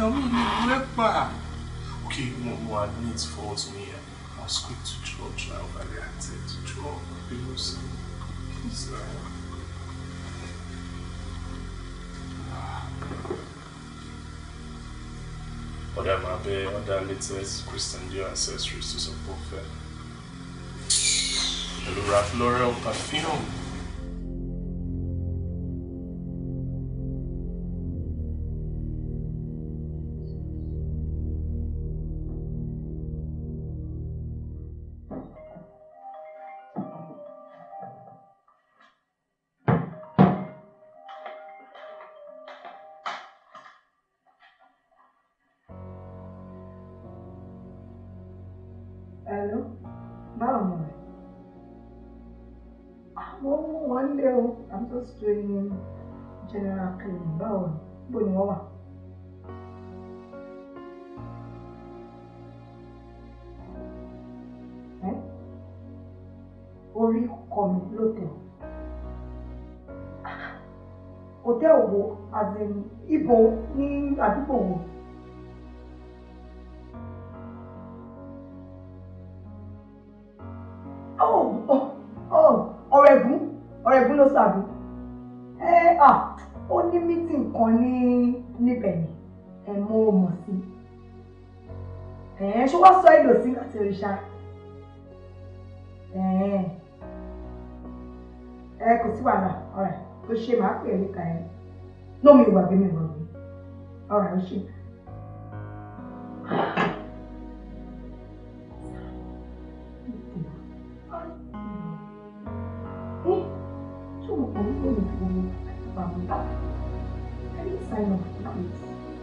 ọ̀nà mi ni rẹ́pà. okay mo admit fault me i was quick to draw draw i overreacted to draw you know so please. Uh, Other Mabe, other latest Christian Jew ancestries to support them. Elora Floral perfume. hospitals doing general cleaning báwo ni bó ni wọ́n wà. orí kọ mi lótẹ̀ hòtẹ́ẹ̀lì wo àzìn ibo ní àdúgbò wo. Oh, oh, oh, ọ̀rẹ́gùn ọ̀rẹ́gùn ló sàbí kan ní níbẹ̀ ni ẹ̀ mo mọ̀ sí ẹ̀ ṣé wọ́n sọ èdò sí àti òrìṣà ẹ̀ ẹ̀ kò sí wàhálà ọ̀rẹ́ ó ṣe máa pè é níta ẹ̀ lómi ìwà bí mi wọ̀ mí ọ̀rẹ́ ó ṣe. Any sign of peace.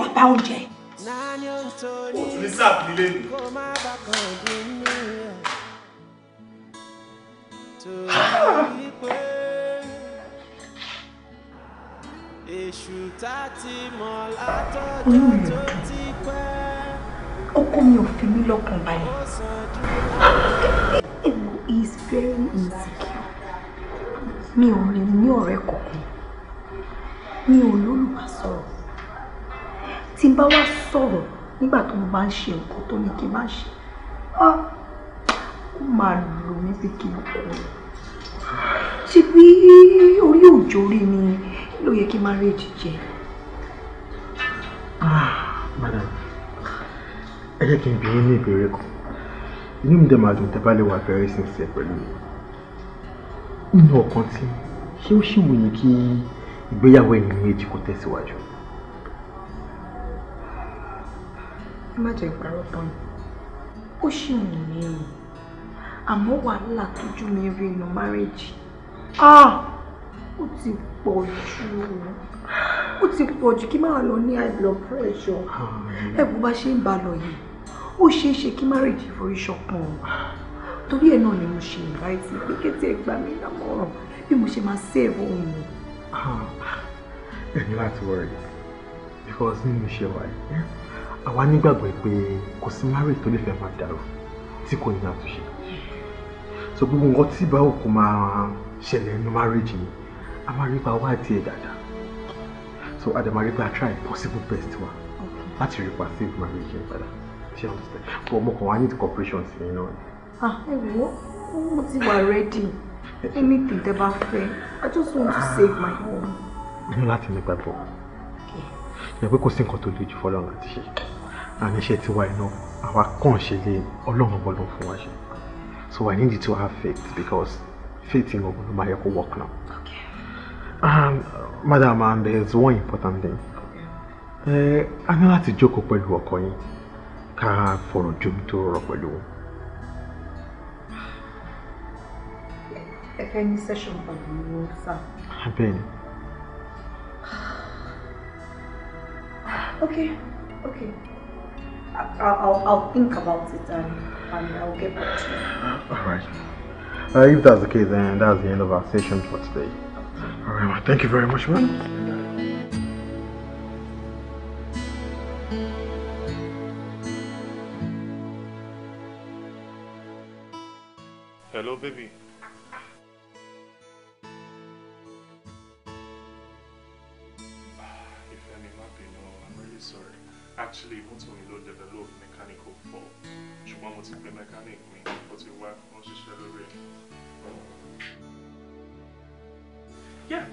wà bá oúnjẹ. òtún ní sáà nílé ni. èṣù tá ti mọ̀ látọ̀jọ́ tó ti pẹ́. ọkọ mi ò fi mí lọ́kàn balẹ̀. èlò is very insecure. mi ò lè ní ọ̀rẹ́ kankan mi ò lólùbásọ̀rọ̀ tí n bá wá sọ̀rọ̀ nígbà tó mo bá ń ṣe nǹkan tó ní kí n má ṣe ó máa lò mí bí kí n kú ṣe bí orí òjò rí ni ló yẹ kí n máa rí ìjìjẹ. Ah, madam ẹ jẹ́ kí n bi yín ní ìbéèrè kan inú mi dẹ̀ máa dùn tẹ́ wà bẹ̀rẹ̀ sí ṣe pẹ̀lú mi nínú ọkàn tí ṣé ó ṣì wù yín kí ìgbéyàwó ẹ̀yin méjì kó tẹ̀síwájú. má jẹ́ ìparọ́ tán ó ṣì wù mí o àmọ́ wàhálà tójú mi rí inú márẹ́jì ah! ó ti pọ̀ jù ó ti pọ̀ jù kí máa lọ ní high blood pressure ẹ̀bùn bá ṣe ń bá lọ yìí ó ṣeé ṣe kí márẹ́jì forí ṣọ̀kan o torí ẹ̀ náà ni mo ṣe ìbáyìí pé kété ẹgbà mi lámọ̀ràn bí mo ṣe máa save ohun mi. Ah! ẹ̀yin láti wọ̀rẹ̀ because nínú iṣẹ́ wa yìí àwa nígbàgbọ́ pé kò sí marriage tó lè fẹ́ máa dàrú tí kò ní àtúnṣe so gbogbo nǹkan tí ìbáwò kò máa ṣẹlẹ̀ nínú marriage yìí a máa rí pa wá àti ẹ̀ dáadáa so a dẹ̀ máa rí pa try possible best wa láti rí pa save marriage yẹn padà ṣé o ti tẹ̀ ọmọ kan wá need cooperation sí i náà. ah ẹ wo mo ti wà ready anything tẹ bá fẹ́ i just want to save my home. láti nígbàgbọ́ yẹ pé kò sí nǹkan tó le jù fọlọ́run àti ṣe àníṣe tiwa iná àwa kàn ṣe lé ọlọ́run bọ́ ló ń fún wa ṣe so i need you to have faith because faith in ogun ló máa yẹ kó work now. Okay. Um, madam and um, there is one important thing a ní láti jókòó pẹ̀lú ọkọ yín ká fọ̀rọ̀ jomi tó rọ̀ pẹ̀lú wọn. ẹ fẹ́ ní session pẹ̀lú wọn sá. bẹ́ẹ̀ni. (sighs) okay okay. I'll, I'll think about it and, and I'll get back to you. Alright. Uh, if that's the case, then that's the end of our session for today. Alright, well, thank you very much, man. Hello, baby. Ah, if I'm no, I'm really sorry. Actually, what's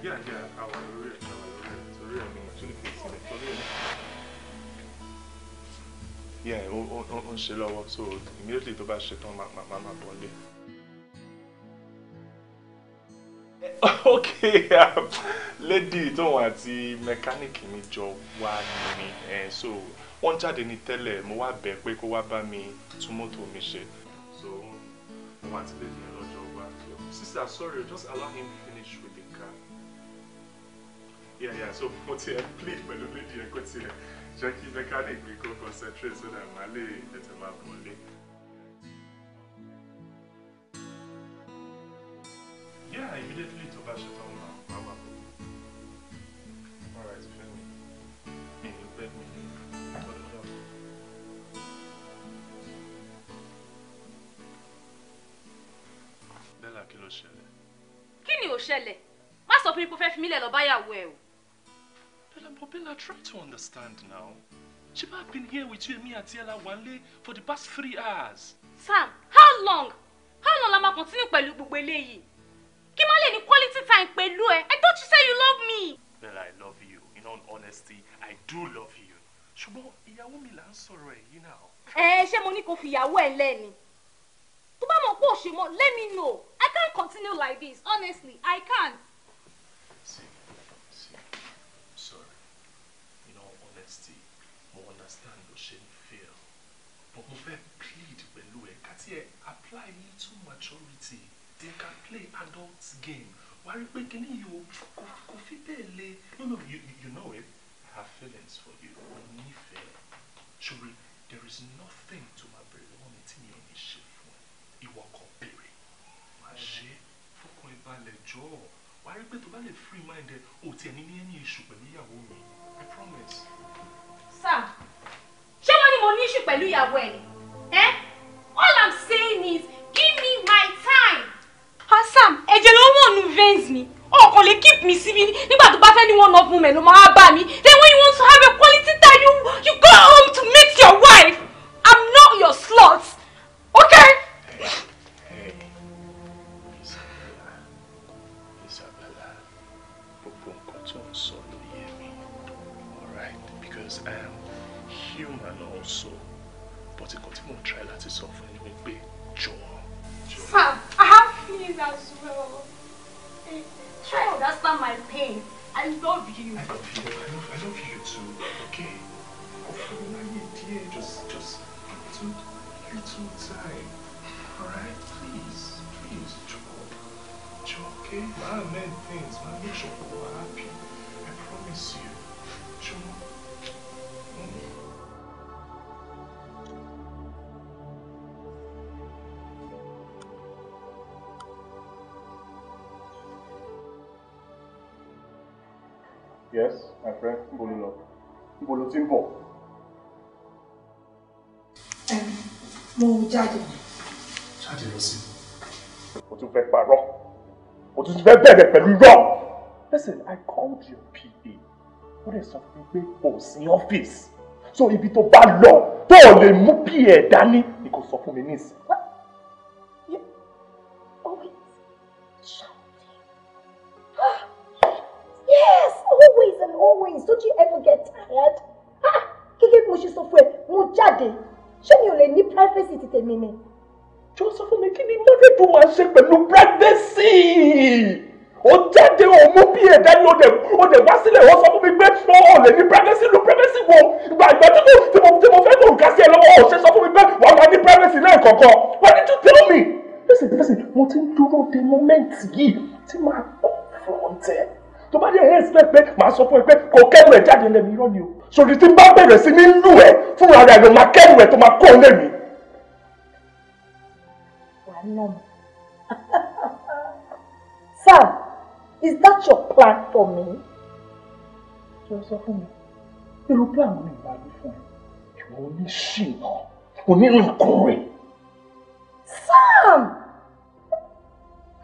díẹ̀ díẹ̀ àwọn lórí ẹ̀ àwọn lórí ẹ̀ torí ẹ̀ lọ́wọ́ so immediately tó bá ṣe tán màmá máa bọ̀ lé. ok um, lady tóun àti mẹkáníìkì mi jọ wá mi so wọ́n jáde ní tẹ́lẹ̀ mo wá bẹ̀ pé kó wá bá mi tún mọ́tò mi ṣe so wọ́n àti lady yẹn lọ́jọ́ wá. sister sorry just allow him yeah, yeah. So mo ti ẹ plead pẹ̀lú lady ẹ kó ti ẹ jẹ́ mechanic mi kó concentrate so that màá lè tètè máa bọ̀ Yeah, immediately to bash it on mọ́ máa wà pẹ̀lú. All right, Fẹ́mi, mi ò pẹ́ mi ní ọ̀dọ́ náà. Bella kí ló ṣẹlẹ̀? Kí ni ò ṣẹlẹ̀? Má sọ fún mi pé o fẹ́ fi o. Bella, but Bella, try to understand now. Chiba, I've been here with you, and me and Tiela Wanle for the past three hours. Sam, how long? How long am I continuing pẹ̀lú gbogbo eléyìí? Kí má quality time pẹ̀lú ẹ. I thought you said you love me. Well, I love you. In all honesty, I do love you. Ṣùgbọ́n ìyàwó mi là ń sọ̀rọ̀ ẹ̀ yìí náà. Ẹ ṣé mo ní kó fi ìyàwó ẹ̀ let me know. I can't continue like this. Honestly, I can't. mo understand your shame, ń feel but mo fẹ́ plead pẹ̀lú ẹ̀ kàtí ẹ̀ apply little maturity they can play adult game Why are you pé You, yóò kò fi no no you, you know it eh, I have feelings for you mo nífẹ̀ẹ́ ṣòro there is nothing to my brain lọ́wọ́ mi tí mi ò ní ṣe fún ẹ ìwọ kan for má ṣe fọkàn ẹ balẹ̀ jọ̀ọ́ wà á rí free mind ẹ ò tiẹ̀ any issue, but iṣu pẹ̀lú ìyàwó mi I promise sir ṣé wọ́n ní mo ní issue pẹ̀lú ìyàwó ẹ̀ ni eh? all i'm saying is give me my time. hasan ah, ẹ̀jẹ̀ ló wọ̀n nu veins mi ọkàn lè keep me síbi nígbà tó bá fẹ́ ní one of women ló máa bá mi then when you want to have a quality time you you go home to meet your wife i'm not your slut. so but nǹkan tí mò ń try láti sọ fún yín wípé jọ. sir i have feelings as well Try eh, to understand my pain i love you. i love you i love, I love you too okay ọ̀fun mi láyé díẹ̀ just just little little time alright please please jọ jọ okay my man things my make sure you happy i promise you. Yes, my friend, níbo ló lọ? Níbo ló ti ń bọ̀? Mo jáde. Jáde lọ sí. O tún fẹ́ parọ́. O tún fẹ́ bẹ̀rẹ̀ pẹ̀lú rọ́. Listen, I called your PA. Ó is sọ fún mi pé kò sí ọ́fíìsì. So if it's a bad law, o lè mú PA Danny, ni kò sọ fún mi things don't you ever get tired? ah gẹ́gẹ́ bí mo ṣe sọ fún ẹ mo jáde ṣé mi ò lè ní privacy ti tèmi ni. jọ sọ fún mi kí ni marriage máa ṣe pẹ̀lú privacy ó jáde ó mú bí ẹ̀dá ni ó dẹ̀ ó dẹ̀ wá sílẹ̀ ó sọ fún mi pé fún ọ lè ní privacy lu privacy wo ìgbà ìgbà tí mo tí mo tí mo fẹ́ tó nǹkan sí ẹ lọ́wọ́ ọ̀ ṣe sọ fún mi pé wàá máa ní privacy lẹ́ẹ̀kọ̀ọ̀kan why did you tell me? listen listen mo ti ń dúró de moment yìí tí màá confront ẹ tó bá dé expect pé màá sọ fún ẹ pé kò kẹ́rù ẹ̀ jáde lẹ́nu irọ́ ni o sòdì tí n bá bẹ̀rẹ̀ sí ní lù ẹ́ fúnra rẹ̀ ló máa kẹ́rù ẹ̀ tó máa kó lẹ́mìí. wà á nà mí Sam, (laughs) is that your plan for me? ṣe o sọ fún mi irú plan mi ìgbà mi fún ẹ ìwọ oníṣìnà onírìnkùnrin. Sam,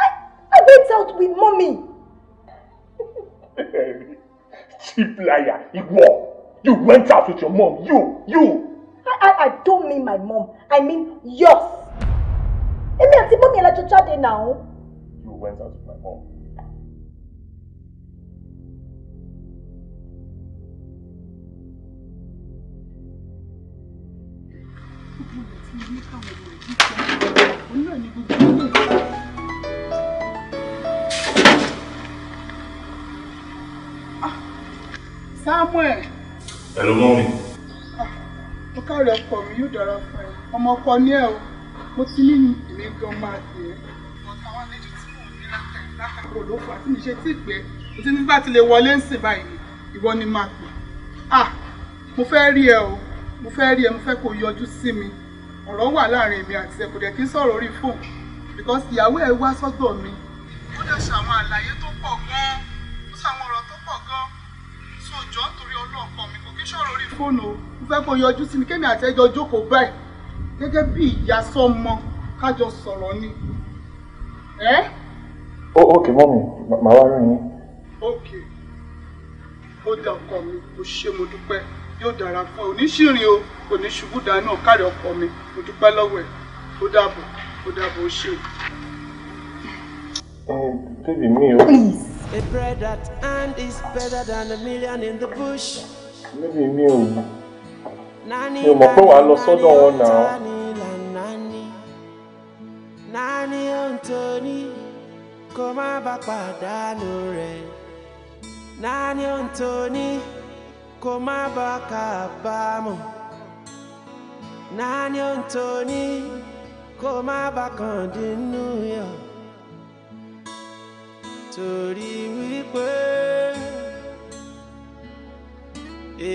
I, I went out with mommy. (laughs) Cheap liar, Igbo. You went out with your mom. You, you. I, I, I don't mean my mom. I mean yours. Èmi àti mọ́mí ẹ̀ lájọ jáde now. You went out with my mom. Gbogbo ẹ̀ tí mo ní káwọn ọmọ yìí jẹ́ òun náà ní gbogbo mú ẹ. Hello mommy. Ah, ọkọ rẹ pọ mi yóò dára fún ẹ ọmọ ọkọ ní ẹ o mo ti ní ìmí gan máa tẹ ẹ. àwọn àlejò tí mò ń rí lákàkò ló fà á tí mi ṣe tí gbé mo ti ní bá ti lè wọlé ń sìn báyìí ìwọ ni máa pè ah mo fẹ́ rí ẹ o mo fẹ́ rí ẹ mo fẹ́ kó yọjú sí mi ọ̀rọ̀ wà láàrin èmi àti ẹ kò dẹ̀ kí n sọ̀rọ̀ orí fóònù because ìyàwó ẹ wá sọ́dọ̀ mi. ó dẹ̀ ṣàwọn àlàyé tó pọ̀ gan-an ọkọ mi kò kí ṣòro orí o mo fẹ́ kó yọjú sí mi kémi àti ẹjọ́ jókòó báyìí gẹ́gẹ́ bí ìyá sọ́mọ kájọ sọ̀rọ̀ ni. ẹ. ó ókè mọ́mì màá wá rìn yín. ókè ó da ọkọ mi mo ṣe mo dúpẹ́ yóò dára fún ẹ oníṣìírín o kò ní ṣubú dáná ọ̀kárẹ̀ ọkọ mi mo dúpẹ́ lọ́wọ́ ẹ ó dàbọ̀ ó dàbọ̀ ó ṣe. eh baby mi please A bread at hand is better than a million in the bush. Níbi mi ò mú. Mi ò mọ̀ pé wàá lọ sọ́dọ̀ wọn náà. Nani Anthony kò má bá pàdánù Nani Anthony kò má Nani Anthony kò má bá kàn torí wípé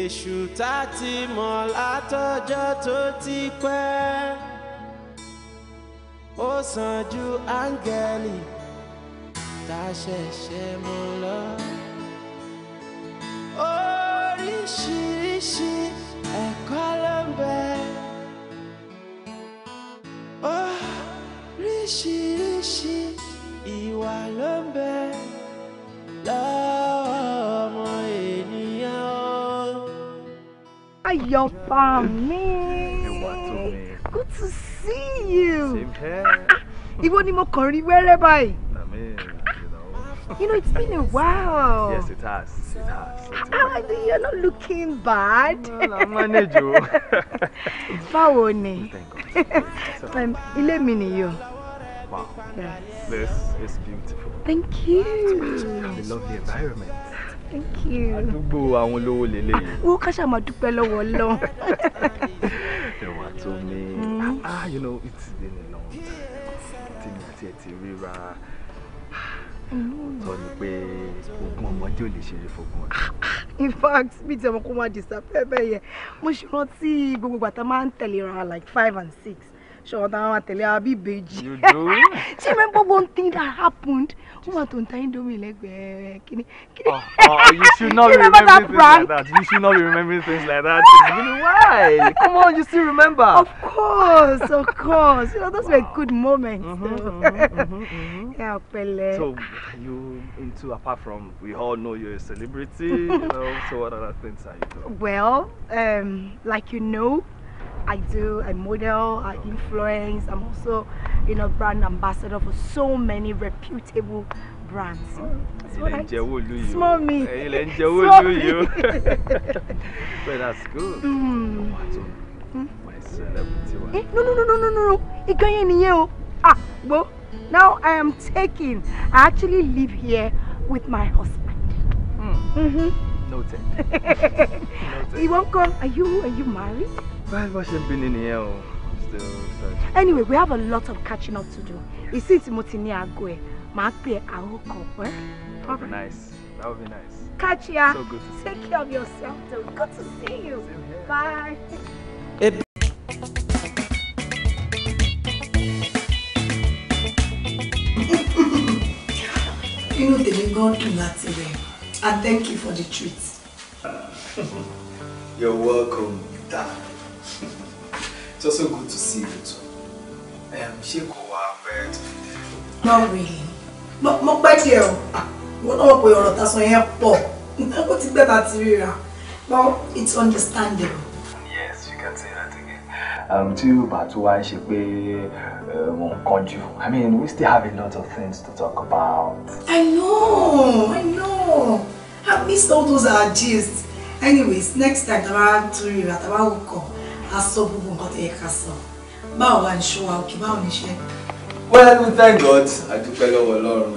èṣù tá ti mọ̀ látọjọ́ tó ti pẹ́ ó sàn ju áńgẹ́lì tá a ṣẹ̀ṣẹ̀ mú lọ. oríṣiríṣi ẹ̀kọ́ ló ń bẹ. oríṣiríṣi ìwà ló good to see you Same (laughs) ìwọ ni more kàn rí wẹ́rẹ́ báyìí. You know, it's been a while. Yes, it has. It has. It has. You're not looking bad. Well, I manage Thank God. (laughs) Ilé mi nìyó. Wow. Yes. This is beautiful. Thank you. And love the environment. Thank you. Àdúgbò àwọn olówó lélẹ̀ yìí. Ah, wọ́n kàṣà máa dúpẹ́ lọ́wọ́ lọ. (laughs) Ẹ̀wà tó ní. Mm. Ah, you know, it's been a long time. Tèmi àti ẹ̀ ti ríra. Sọ mm. ni pé ogún ọmọdé ò lè ṣeré fógún ọdún. Ah, ah, in fact, bí ti ọmọ kó máa disappear bẹ́ẹ̀ yẹn, mo ṣe rántí gbogbo ìgbà máa ń tẹ̀lé ra like five and six ṣọwọ́n táwọn máa tẹ̀lé àwọn bíi ìbejì ṣé mi gbogbo thing that happened wọ́n máa oh, oh, you should (laughs) not be remembering things like that you should not be remembering things like that why come on you still remember. of course of course you know those wow. were good moments. ẹ mm-hmm, ọpẹlẹ. Mm-hmm, mm-hmm, (laughs) so you into apart from we all know you're a celebrity you (laughs) know so what other things are you doing. well um, like you know. I do. I model, I influence. I'm also, you know, brand ambassador for so many reputable brands. That's what I do. Small me. Eh, small me. But (laughs) that's good. Mm. No Eh, no, no, no, no, no, no. It yẹn in o. Ah, well, now I am taking. I actually live here with my husband. Mm. mm Noted. (laughs) Noted. He won't come. Are you, are you married? Báyìí bá ṣe bí ni nìyẹn o. Still sad. Anyway, we have a lot of catching up to do. It seems mo ti ní aago ẹ̀, màá pè é eh? That would be nice. That would be nice. Catch ya. So good to see you. Take care of yourself though. Good to see you. Same here. Bye. It inú tèmi gan dùn láti rẹ and thank you for the treat. (laughs) you're welcome. Ta. It's also good to see you too. I am um, kò wá pẹ́ tó Not really. Mo pẹ́ tiẹ̀ o. Mo náà pe ọ̀rọ̀ ta sọ yẹn pọ̀. Ó ti pẹ́ ta But it's understandable. Yes, you can say that again. Um, o bá tún wá ṣe pé uh, mo I mean, we still have a lot of things to talk about. I know, I know. I missed all those our Anyways, next time, Tara to you, Tara will come a gbogbo nǹkan tó yẹ ká sọ báwo wà ní ṣọwá òkè báwo ní iṣẹ́. well we thank God a dúpẹ́ lọ́wọ́ ọlọ́run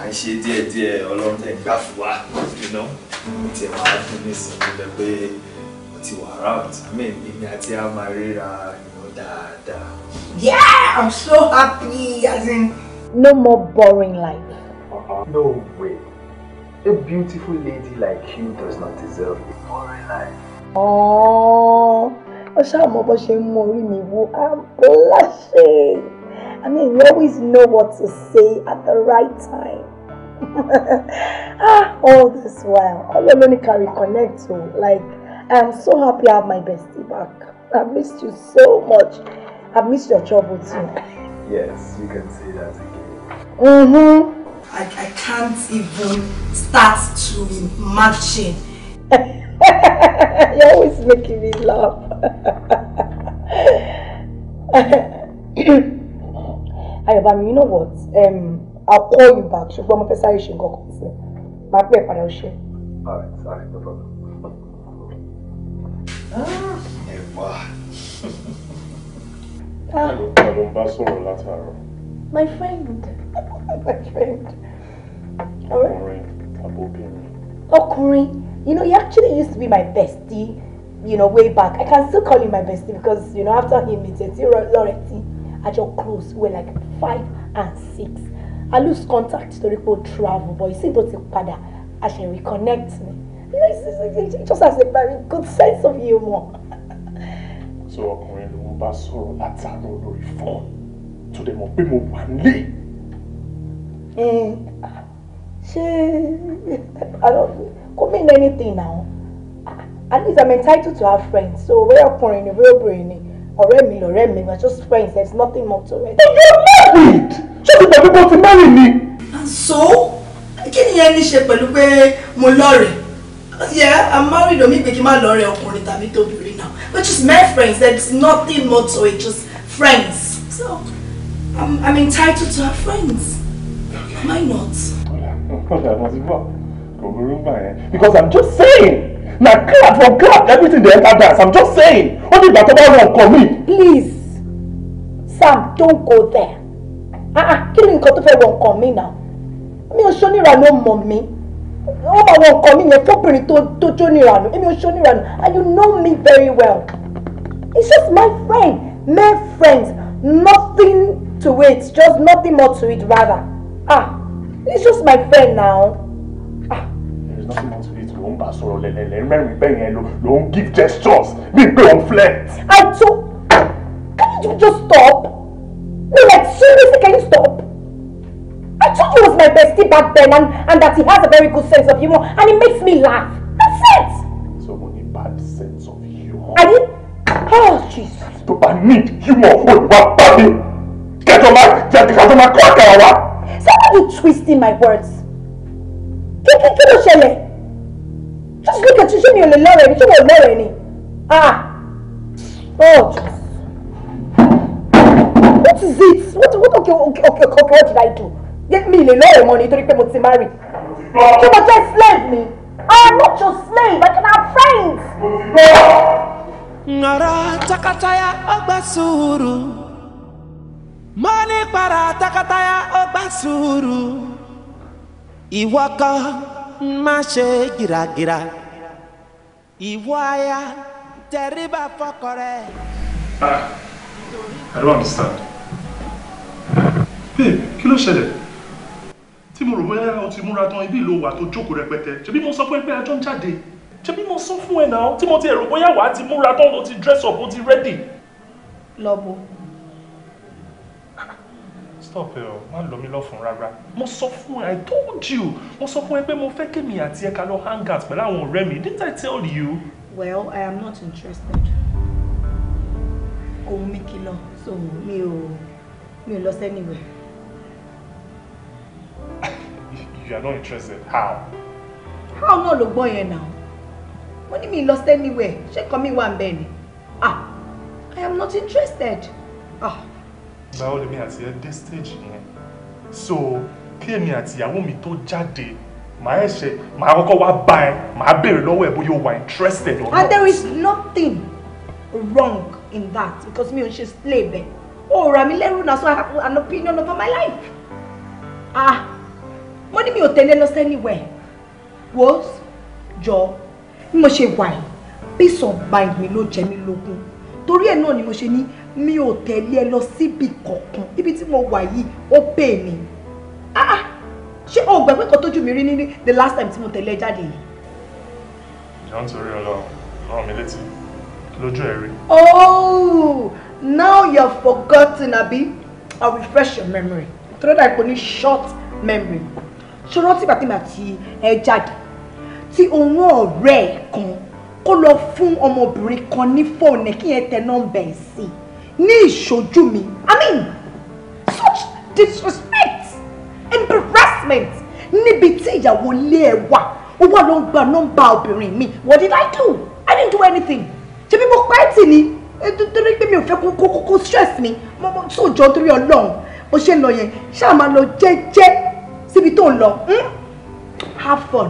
à ń ṣe díẹ̀díẹ̀ ọlọ́run tẹ̀ gbà fún wa iná tí ẹ máa fún mi sí níbẹ̀ pé mo ti wà round I mean èmi àti a máa ríra ìran dáadáa. yeah I'm so happy as in. no more boring life. Uh-uh. no way. A beautiful lady like you does not deserve a boring life. Oh wọ́n ṣáà mọ bó ṣe ń mú orí mi wú i'm ah, blushing i mean you always know what to say at the right time (laughs) ah all this while ọlọ́run ní ká reconnect o like i am so happy i have my bestie back i missed you so much i missed your trouble too. yes you can say that again. Mm-hmm. I, I can't even start to imagine. (laughs) You're always making me laugh. Ayọ̀bámi, you know what? Um, I'll call you back. Ṣùgbọ́n mo fẹ́ sáré ṣe nǹkan kan sí. Màá pẹ́ padà ṣe. alright, sorry, no problem. Ẹ̀wà. Àlọ́ ah. bá sọ̀rọ̀ látàárọ̀. My friend. (laughs) My friend. Ọkùnrin àbóbìnrin. Ọkùnrin you know, he actually used to be my bestie, you know, way back. I can still call him my bestie because, you know, after he it's Etiro Loretti. I just close. We're like five and six. I lose contact to report travel, but you see, don't take pada. I shall reconnect me. He just has a very good sense of humor. so ọkùnrin ló ń bá sọ̀rọ̀ látàánú lórí fóònù tó dẹ̀ mọ̀ pé mo wà nílé. Eh, ṣé kò mean anything now at least i'm entitled to have friends so wẹ́ẹ́ ọkùnrin ni wẹ́ẹ́ obìnrin ni ọ̀rẹ́ mi lọ̀rẹ́ mi we're just friends there's nothing more to it. you are married ṣé ti pẹ̀lú bó ti marry ni. and so kí ni yẹn ní ṣe pẹ̀lú pé mo lọ́rẹ̀ẹ́ yeah i'm married omi gbèkí má lọ́rẹ̀ẹ́ ọkùnrin tàbí tóbìnrin now we're just mere friends there's nothing more to it just friends so i'm i'm entitled to have friends am i not. Voilà, on va voir burú gbà because i'm just saying Now, clap for clap everything dey enter dance i'm just saying ó ní ìgbà tó bá wọn please sam don't go there kí ni nǹkan tó fẹ́ wọn kọ mí náà mi ò ṣonira ló mọ̀ mí wọ́n bá wọn kọ mí yẹn fọ́bìnrin tó jónira nù èmi ò ṣonira and you know me very well it's just my friend my friends. nothing to it just nothing more to it rather ah it's just my friend now there is nothing else to it ló ń bá sọ̀rọ̀ lẹ́lẹ́lẹ́ mẹ́rin bẹ́ẹ̀ yẹn ló ń give gestures bí pé òun flirt. àtò can you just stop no like seriously can you stop I told you was my bestie back then and, and that he has a very good sense of humor, and he makes me laugh that's it. so mo bad sense of humor. humour. ayi oh Jesus. tó bá need humour olùwà pàdé kẹjọ máa kẹjọ máa kọ́ àkàrà wa. somebody twisting my words kí kí kí ló ṣẹlẹ̀ just look at you ṣé mi ò lè lọ́rẹ̀ ni ṣé mo lọ́rẹ̀ ni ah oh what is it what what okay okay okay okay what did I do Get me lè lọ́rẹ̀ mọ́ ni torí pé mo ti marry ṣé mo jẹ́ slave ni I not your slave I can have friends. ọ̀rọ̀ tọkọtaya ọgbà sùúrù mọ́ ní para tọkọtaya ọgbà sùúrù ìwọ kọ́ má ṣe gìràgìrà ìwọ aya tẹríba fọ́kọ rẹ. I don't understand. Babe, kí ló ṣẹlẹ̀? Tí mo rò bóyá o ti múra tán ibi ìlú wà tó jókòó rẹpẹtẹ, ṣebí mo sọ fún ẹ pé ajọ́ ń jáde. Ṣebí mo sọ fún ẹ náà tí mo ti rò bóyá wàá ti múra tán o ti dress up o ti ready. Lọ́bọ̀ stop ẹ o má lọ mí lọ́fun rárá mo sọ fún ẹ i told you mo sọ fún ẹ pé mo fẹ́ kémi àti ẹ ká lọ hang out pẹ̀lú àwọn ọ̀rẹ́ mi didn't i tell you. well i am not interested. òun mi kìlọ̀ so mi ò mi ò lọ sẹ́niwẹ̀. (laughs) you are not interested how. how náà ló gbọ́ yẹn náà mo ní mi lọ sẹ́niwẹ̀ ṣé kan mi wà ń bẹ̀ ni ah i am not interested. ah báwo lèmi àti ẹ dé stage yẹn so kí èmi àti ìyàwó mi tó jáde màá ẹ̀ṣẹ̀ màá kọ́kọ́ wá bá ẹ màá béèrè lọ́wọ́ ẹ bóyá o wà interested or not. and there is nothing wrong in that because mi ò ń ṣe slave ẹ o rà mí lẹ́rù na so I have an opinion over my life ah mo ní mi ò tẹ̀lé lọ anywhere wo jọ bí mo ṣe wà yìí peace of mind mi ló jẹ mí lógún torí ẹ̀ náà ni mo ṣe ní mi ò tẹ̀lé ẹ lọ síbi kankan ibi tí mo wà yìí ó pè mí ah, ah. ṣé o gbàgbé kan tójú mi rí ní the last time tí mo tẹ̀lé ẹ jáde yìí. ìjọ ń torí Ọlọ́run rán mi létí lójú ẹ rí. oh now you have forgotten abi i refresh your memory torí ọ̀dà ìpò short memory ṣé rántí bàtí màtí ẹ jáde tí òun ọ̀rẹ́ ẹ̀ kan kó lọ fún ọmọbìnrin kan ní fóònù kí yẹn tẹ nọ́mbà ẹ̀ sí i ní ìṣojú mi i mean such disrespect embarrassment níbi tí ìyàwó ilé ẹ wà ó wà ló ń gba nọ́mbà obìnrin mi what did i do i didn't do anything ṣé bí mo pa ẹ́ tì ní torí pé mi ò fẹ́ kó kó kó stress mi mo mo tó jọ torí ọlọ́run bó ṣe lọ yẹn ṣáà máa lọ jẹ́jẹ́ síbi tó ń lọ hmm? have fun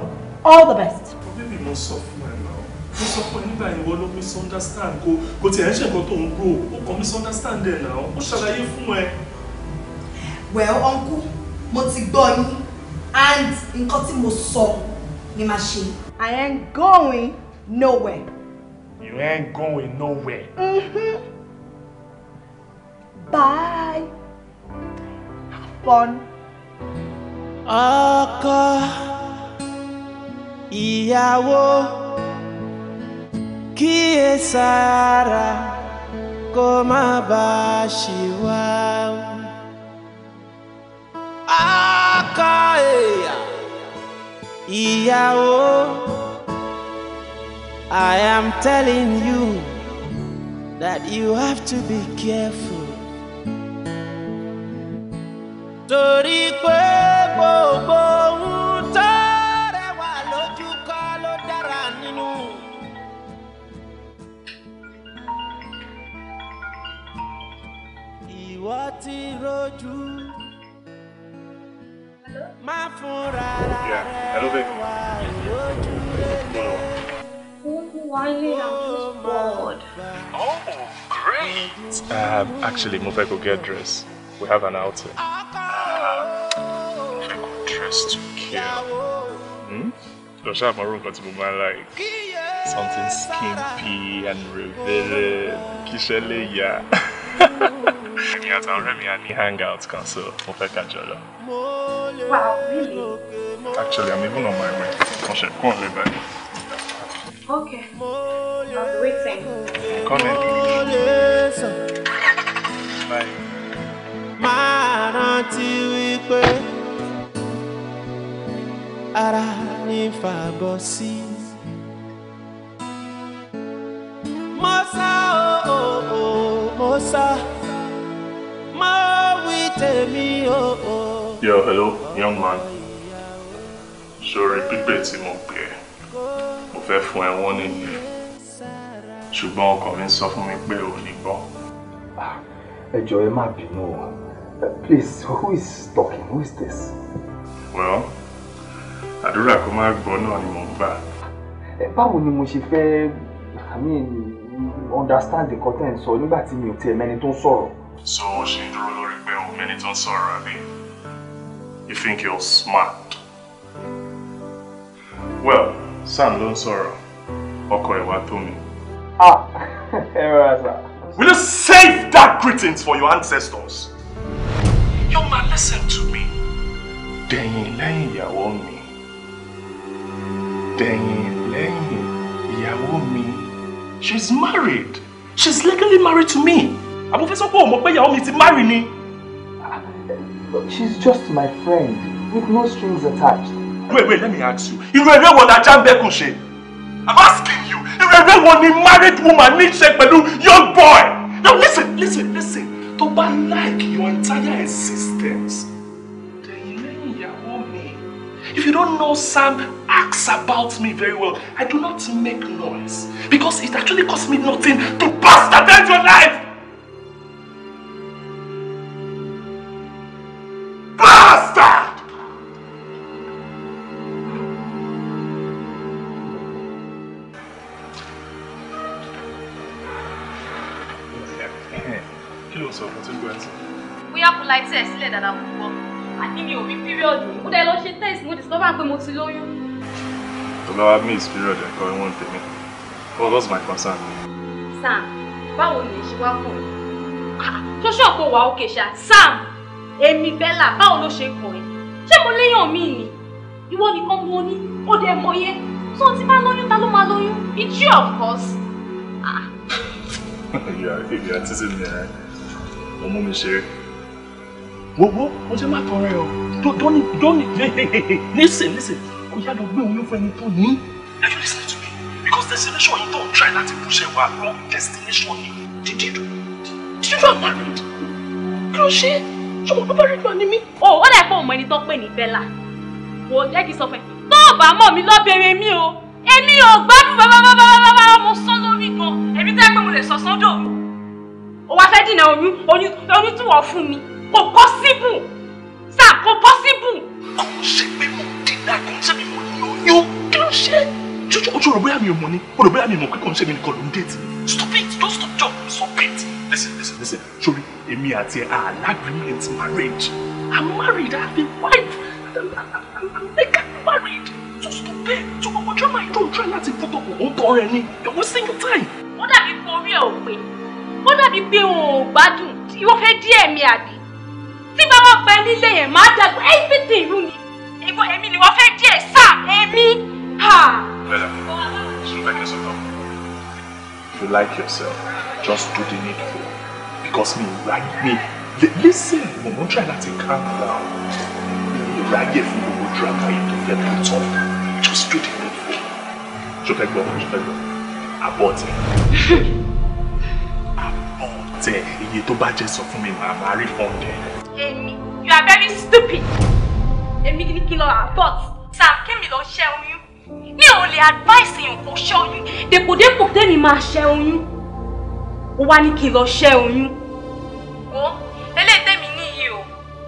all the best. bíbí mo sọ fún mo sọ fún nígbà ìwọ ló misunderstand kò kò tiẹ̀ ń ṣe nǹkan tó ń rò ó kàn misunderstand ẹ̀ náà ó ṣàlàyé fún ẹ. well uncle mo ti gbọ́ yín and nǹkan tí mo sọ ni màá ṣe. I ain't going nowhere. You ain't going nowhere. Mm-hmm. Bye. Have fun. Ọkọ ìyàwó kíyèsára kó má bàa ṣìwà ọkọ èèyàn ìyàwó I am telling you that you have to be careful torí pé gbogbo ń. ìwọ ti rojú má fúnra rẹ wá lójú rere. Oh, great! Um, actually, mo fẹ́ go get dressed. We have an outing. Um, if I could dress to kill. Hmm? Lọ ṣáà mọ̀ ọ́rùn to be my like. Something skimpy and revealing. Kìí yeah èmi àti àwọn ọ̀rẹ́ mi á ní hangout kan so mo fẹ́ kájọ lọ. wow really. actually i'm even on my way mo ṣe kúrò lébẹ̀. okay i'll be waiting. come in. bye. máa rántí wípé ara ní fàbọ̀ sí. mọ́sá o o o. Musa, oh, oh. Yo, hello, young man. Sorry, pípé tí mo pè ẹ́. Mo fẹ́ fún ẹ wọ́n nìyí. Ṣùgbọ́n ọkàn mi sọ fún mi pé ò ní gbọ́. Ah, ẹ jọ̀ọ́ ẹ má bínú o. Eh, please, who is talking? Who is this? Well, àdúrà kó má gbọ́ náà ni mò ń bà. Eh, báwo ni mo ṣe fẹ́ I mean understand the tẹ́ ń sọ nígbà tí mi ò tiẹ̀ mẹ́ni tó ń sọ̀rọ̀. so o ṣe ń dúró lórí pé o mẹ́ni tó ń sọ̀rọ̀ àbí you think you're smart. well sam ló ń sọ̀rọ̀ ọkọ ìwà tó mi. ah (laughs) ẹ rọra sá. will you save that greetings for your ancestors. your man listen to me. dẹ̀yìn lẹ́yìn ìyàwó mi dẹ̀yìn lẹ́yìn ìyàwó mi she's married she's legally married to me àbò fẹ́ sọ pé òmò pé ìyàwó mi ti marry ni. she's just my friend with no strings attached. wait wait let me ask you irú eré wo la Jambeku ṣe i'm asking you irú eré wo ni married woman ní ṣe pẹ̀lú young boy now listen listen listen To ban like your entire existence If you don't know Sam, ask about me very well. I do not make noise because it actually costs me nothing to bastardize your life. Bastard. We are polite, sílẹ̀ dáadáa. bá pé mo ti lóyún. Olúwa miss period ẹ̀kọ́ ẹ̀ wọ́n tèmi. What was my concern? Sam, báwo ni èṣì wá kàn ẹ́? Ṣọ́ṣọ́ kò wá òkè ṣá. Sam, èmi Bella, báwo ló ṣe kàn ẹ́? Ṣé mo léyàn mí ni? Ìwọ nìkan mo ní, ó dẹ̀ mọ yé. Tó ti bá lóyún, ta ló máa lóyún? It's you of course. Ìyá ìyá títí mi ẹ̀ ọmọ mi ṣeré. Wo wo, mo ṣe má kọrin o don't don't hey, hey, hey, listen listen kò yá lọ gbé oyún fún ẹni tó ní. are you listening to me because destination yìí don try láti push ẹ wá wrong destination yìí did you do did you do am married kí ló ṣe ṣọmọ bàbá rẹ gbà ni mí. o ò lè pọ ọmọ ẹni tó pè ní bella wò ó jẹ́ kí n sọ fún ẹ tó o bá mọ̀ mí lọ́bẹ̀rẹ̀ mi o èmi ò gbádùn bàbá mo sọ lórí gan èmi tẹ́ pé mo lè sọ sọ́dọ̀ mi. o wá fẹ́ dìnnà oyún oyún tí wọ́n fún mi kò possible kò possible. kò ṣe pé mo dènà kò ṣe mi mo lóyún kí ló ṣe. ṣojú ojú rò bóyá mi ò mọ ni o rò bóyá mi ò mọ pé kò ń ṣe mi nìkan ló ń déètì. stop it don't stop job stop it. listen listen listen sori èmi àti ẹ are an agreement marriage i'm married i have a wife i'm legally married so stop it so gbogbo drama yìí tó ń try láti put up òun tọrọ ẹni every single time. ó dàbí pé orí ẹ̀ ò pé ó dàbí pé òun ò gbádùn ìwọ fẹ́ díẹ̀ mi àbí tí bá wọ́n bẹ nílé yẹn máa dàgbà everything rú ni. ìwọ èmi ni wọ́n fẹ́ díẹ̀ sáà èmi. if you like yourself just do the needful because me right me listen mo mo try láti calm down mi ò ráyè fún gbogbo drama yìí tó fẹ́ put just do the needful ṣọfẹ́ gbọ́ ṣọfẹ́ gbọ́ abọ́tẹ̀ (laughs) abọ́tẹ̀ iye it. You jẹ́ sọ fún me. màá máa rí fọ́ọ̀dẹ̀. Èmi, you are very stupid. Èmi didn't kill n lọ abort. Sam, kémi lọ ṣẹ́ oyún. you. Me only advice you for ṣẹ́ oyún. Dèpòdépò tèmi máa ṣẹ́ oyún. Ó wá ní you n lọ ṣẹ́ oyún. Ó eléyìí tèmi níyì o.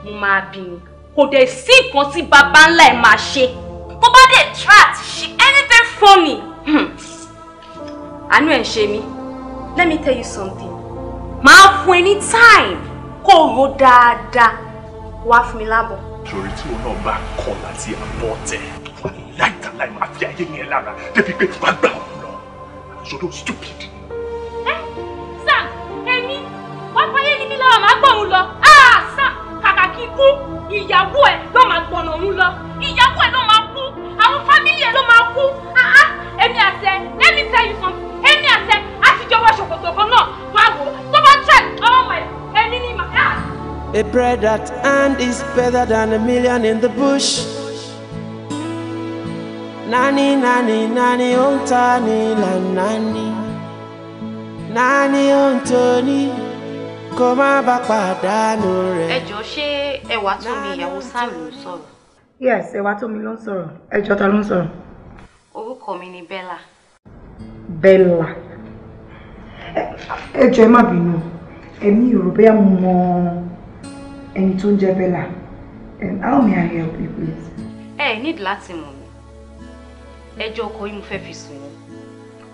Mo máa bí ni. Kò dẹ̀ sí nǹkan tí bàbá ńlá ẹ̀ máa ṣe. Bó bá dẹ̀ try àti ṣe anything for me. Hmm. Àánú ẹ̀ ń ṣe mí. Let me tell you something. Máa fún ẹ time kó ro dáadáa wá fún mi lábọ̀. torí tí òun náà bá kọ̀ láti àbọ̀ tẹ̀ wà láìdáláì máa fi ayé yẹn lára débi pé wàá gbà òun lọ. àṣọ tó stupid. bread at hand is better than a million in the bush. Nani, nani, nani, on tani, la nani. Nani, on Tony, kó má bàa pàdánù rẹ̀. Ẹ jọ̀ọ́ ṣé ẹwà tó mi ìyàwó Sam Yes, ẹwà tó mi ló ń sọ̀rọ̀. Ẹ jọ̀ọ́ ta ló ń sọ̀rọ̀? Orúkọ mi ni Bella. Bella. Ẹ jọ̀ọ́ ẹ má bínú. Èmi ò rò bẹ́ẹ̀ mọ́ ẹni tó ń jẹ́ Bella um, how may I help you please. ẹ ẹ nídìí láti mọ̀ mí ẹjọ́ ọkọ yín mo fẹ́ fi sùn yín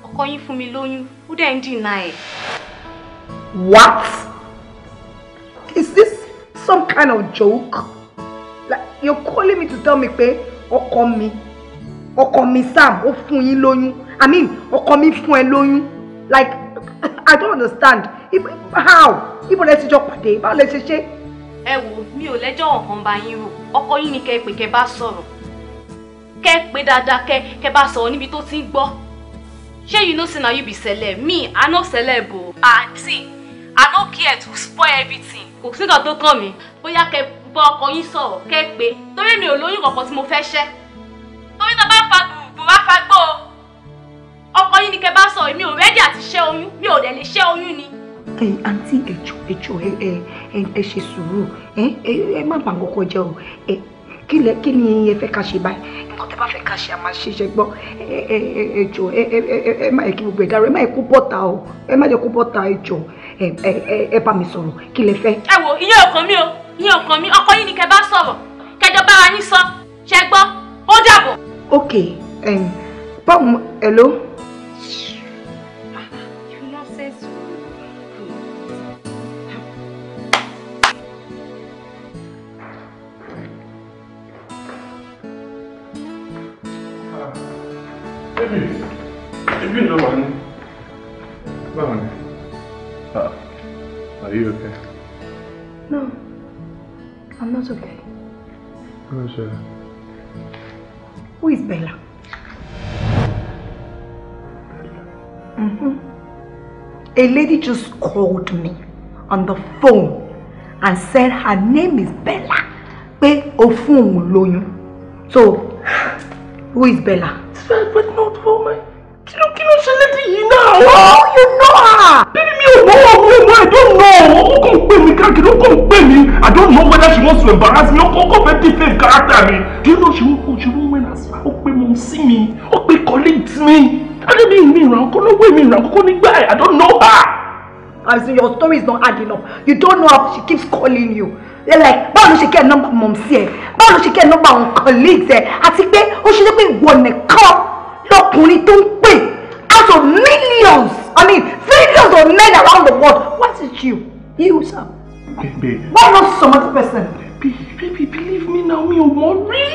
ọkọ yín fún mi lóyún ó dẹ̀ ń dìnnà ẹ̀. What? Is this some kind of joke? Like you're calling me to tell me pé ọkọ mi ọkọ mi Sam ó fún yín lóyún I mean ọkọ mi fún ẹ lóyún like (laughs) I don't understand if, how ibo lẹ ti jọ pàdé báwo lẹ ṣe ṣe ẹ wò mi ò lẹ́jọ́ ọ̀kan bá yín rò ọkọ yín ni kẹ́ pé kẹ́ bá sọ̀rọ̀ kẹ́ pé dáadáa kẹ́ kẹ́ bá sọ̀rọ̀ níbi tó ti ń gbọ́ ṣé you know say na you be celeb me i no celeb Bo, aunty i no care to spoil everything kò sí nǹkan tó kàn mí bóyá kẹ́ bá ọkọ yín sọ̀rọ̀ kẹ́ pé torí mi ò lóyún kankan tí mo fẹ́ ṣẹ́ torí náà bá fa gbùgbù bá fa gbó o ọkọ yín ni kẹ́ bá sọ̀rọ̀ mi ò rẹ́dí àti ṣẹ́ oyún mi ò dẹ̀ lè ṣẹ́ oyún ni àǹtí ẹjọ ẹjọ ẹ ẹ ẹ ṣe sùúrù ẹ ẹ má bà kọkọ jẹ o ẹ kí lẹ kí ni ẹ fẹ́ ká ṣe báyìí nǹkan tẹ́ bá fẹ́ ká ṣe àmà ṣe ṣe gbọ́ ẹ ẹ ẹ jọ ẹ ẹ ẹ má yẹ kí gbogbo ẹ dàrú ẹ má yẹ kó bọ́ta o ẹ má yẹ kó bọ́ta ẹ jọ ẹ ẹ ẹ bá mi sọ̀rọ̀ kí lẹ fẹ́. ẹ wo ìyẹn ọkàn mi o ìyẹn ọkàn mi ọkọ yìí ni kẹ́ bá sọ̀rọ̀ kẹjọ bára yín sọ ṣẹ gbọ́ ó dàbọ̀. ok um, bom hello. you okay? No, I'm not okay. Who's uh... Who is Bella? Bella. Mm -hmm. A lady just called me on the phone and said her name is Bella. Pé ó So, who is Bella? It's very but not for me kí ló kí ló ṣẹlẹ̀ sí yìí náà. oh you know her. bíbí mi ò mọ ọmọ i don't know ó come pè mí káàkiri ó come pè me? i don't know whether she wants to embarrass me ó come kàn fẹ́ defend character me? do you know she won she won win as ó pè mọ̀ sí mi ó pè colleagues mi me around? ràn kó lówó mi ràn kókó nígbà i don't know her. I see your story is not adding up you don't know how she keeps calling you like báwo ló she get number nọ́mbà mọ̀mùsí ẹ̀ báwo she get number on colleagues? àwọn colleagues ẹ̀ àti pé ó ṣe jẹ́ pé ìwọ nìkan lọkùnrin tó ń pè out of millions i mean millions of men around the world what is you you sir. babe why not some other person. babe babe believe me now me ò mọ̀ rí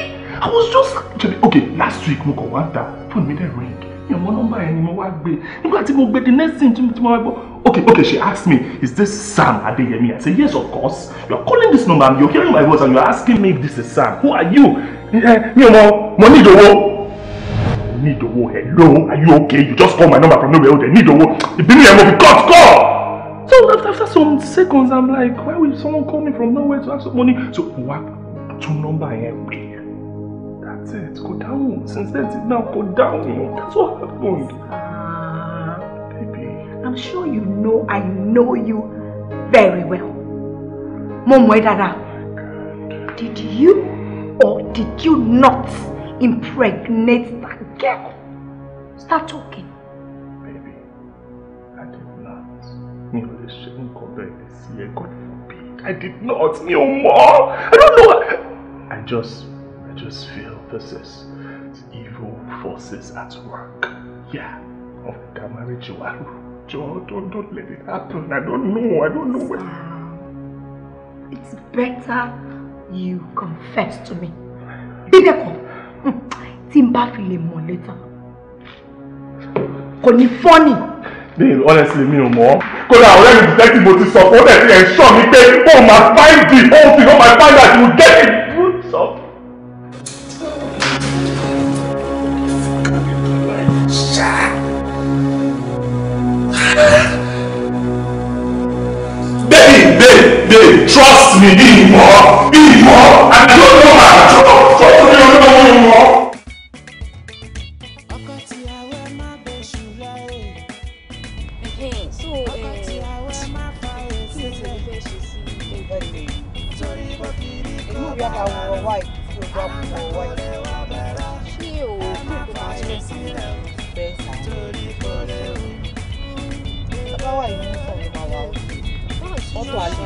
i was just. okay last week mo kàn wá ta phone mi dẹ̀ ring mi ò mọ̀ nọ́mbà yẹn ni mo wá gbé nígbà tí mo gbé the next thing tí mo wá gbọ́ okay, okay, she asked me, is this Sam Adeyemi? I said, yes, of course. You are calling this number, and you're hearing my voice, and you're asking me if this is Sam. Who are you? Eh, mi ò mọ̀, mo ní ìdòwò need owó hello are you okay you just call my number from nowhere oh, They need the ìbínú yẹn mo fi cut call. so after, after some seconds i'm like why would someone call me from nowhere to ask for money so wa tún number here? that's it go down since then till now go down that's what happened. Uh, baby. i'm sure you know i know you very well mo mọ̀ ẹ́ dáadáa did you or did you not impregnate Get! Start talking. Baby, I did not. You should not ṣe nǹkan bẹ́ẹ̀ sí God forbid. I did not. Mi more. I don't know. I just, I just feel this is evil forces at work. Yeah. Of the marriage you are. Joe, don't, don't let it happen. I don't know. I don't know. where. it's better you confess to me. Bideko. tí n bá fi lè mọ̀ létà kò ní fọ́nì. babe honestly mi ò mọ̀ kódà ọ̀rẹ́ mi detective mo ti sọ fún ọ̀rẹ́ mi ẹ̀ ń sọ mi pé ó máa find the whole thing ó máa find out you get it. They trust me anymore. Anymore. And I don't know how to trust me anymore. drop for white. ṣé o kò máa ṣe sí bẹ́ẹ̀ sá. bàbá wà yìí ní ìfọ̀n ló máa wà ó. ọ̀tọ̀ àlè.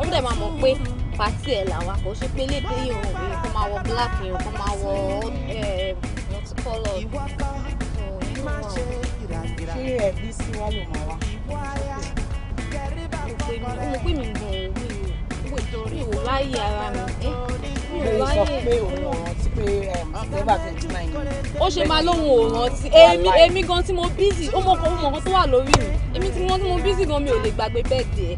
ó dẹ̀ máa mọ̀ pé pàtí ẹ̀ làwọn kò ṣe pé lédè ìhùn èèyàn kan máa wọ black èèyàn kan máa wọ multicolour. ṣé ẹbí sí wá ló máa wá. mo pè mí gan-an mi ò láyè ara mi eh, mi ò láyè. Um, ó ṣe máa lóhun ò rántí èmi èmi gan tí mo bízì ó mọ kan ó tó wà lórí mi èmi tí mo tí mo bízì gan mi ò lè gbàgbé bẹ́ẹ̀dì ẹ̀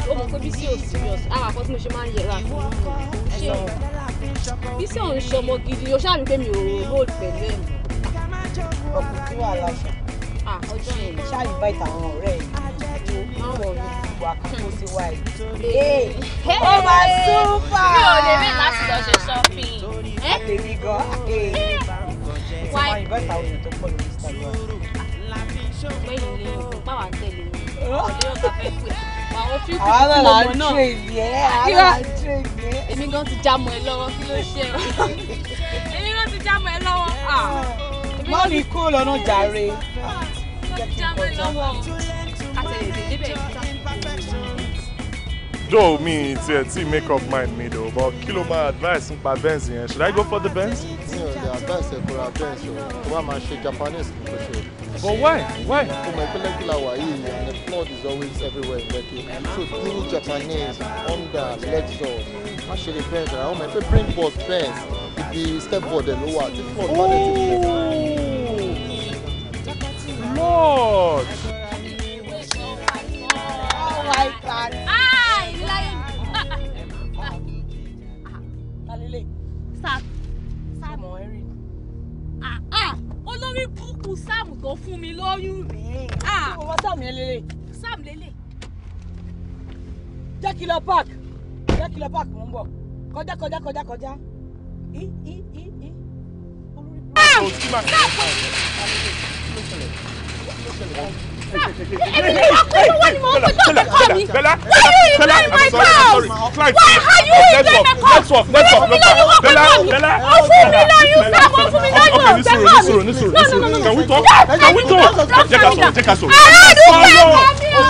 ah, ó mọ pé bísí ò serious ara ah, kan tí mo ṣe máa ń yẹra fún mi ṣé bísí ò ń ṣọmọ gidi o ṣáà rí pé mi ò rò pẹ̀lú ẹ̀ ọkùnrin tí wàá láṣọ ah, ọjọ́ yẹn ṣáà yìí bá ìtàwọn ọ̀rẹ́ yìí wo ọ̀rọ̀ mi ìwà kókó sí wa yìí. ó shopping. ẹ tèmi gan. ìtumọ̀ ìbọn ìtàwọn tó pọ̀ lórí Instagram. ọ̀pẹ́ yìí ni òkúpa wà ń tẹ̀lé mi. ọ̀dọ́ yóò kàfẹ́ pè àwọn fífi kúkú ọmọ náà èmi gan ti jámọ́ ẹ lọ́wọ́ kí ló ṣe o èmi gan ti jámọ́ ẹ lọ́wọ́. má rí kó lọ́nà jàre. mo ti jámọ́ ẹ lọ́wọ́ o though me ti ẹ ti make up mind me though but kilo my advice nípa Benz yẹn should I go for the Benz. No, the lè advice ẹ kóra Benz o wá máa ṣe Japanese for sure. but why why. For my kìlá wà and the flood is always everywhere in Lekki so two Japanese Honda Lexus má ṣe lè Benz ra ọmọ ìpínlẹ̀ bring board Benz The step for the lower. tí flood bá dé ti lord. tó fún mi lóyún rèé. Ah. ṣé mo wá sam yẹn lélẹ̀. sam lélẹ̀. jẹ́ kí lọ park jẹ́ kí lọ park mò ń bọ̀ kọjá kọjá kọjá kọjá. olórí burúkú. Ah! Bella, why are you Bella, my house? Why are you in my house? Let's walk, let's walk, let's walk. Bella, Bella. Oh, Fumila, you stop. Oh, Fumila, you stop. Okay, nisuru, nisuru, nisuru, nisuru. Can we talk? Can we talk? Jẹ́ ká sọ̀rọ̀, jẹ́ ká sọ̀rọ̀. Ara ló fẹ́ bá mi o.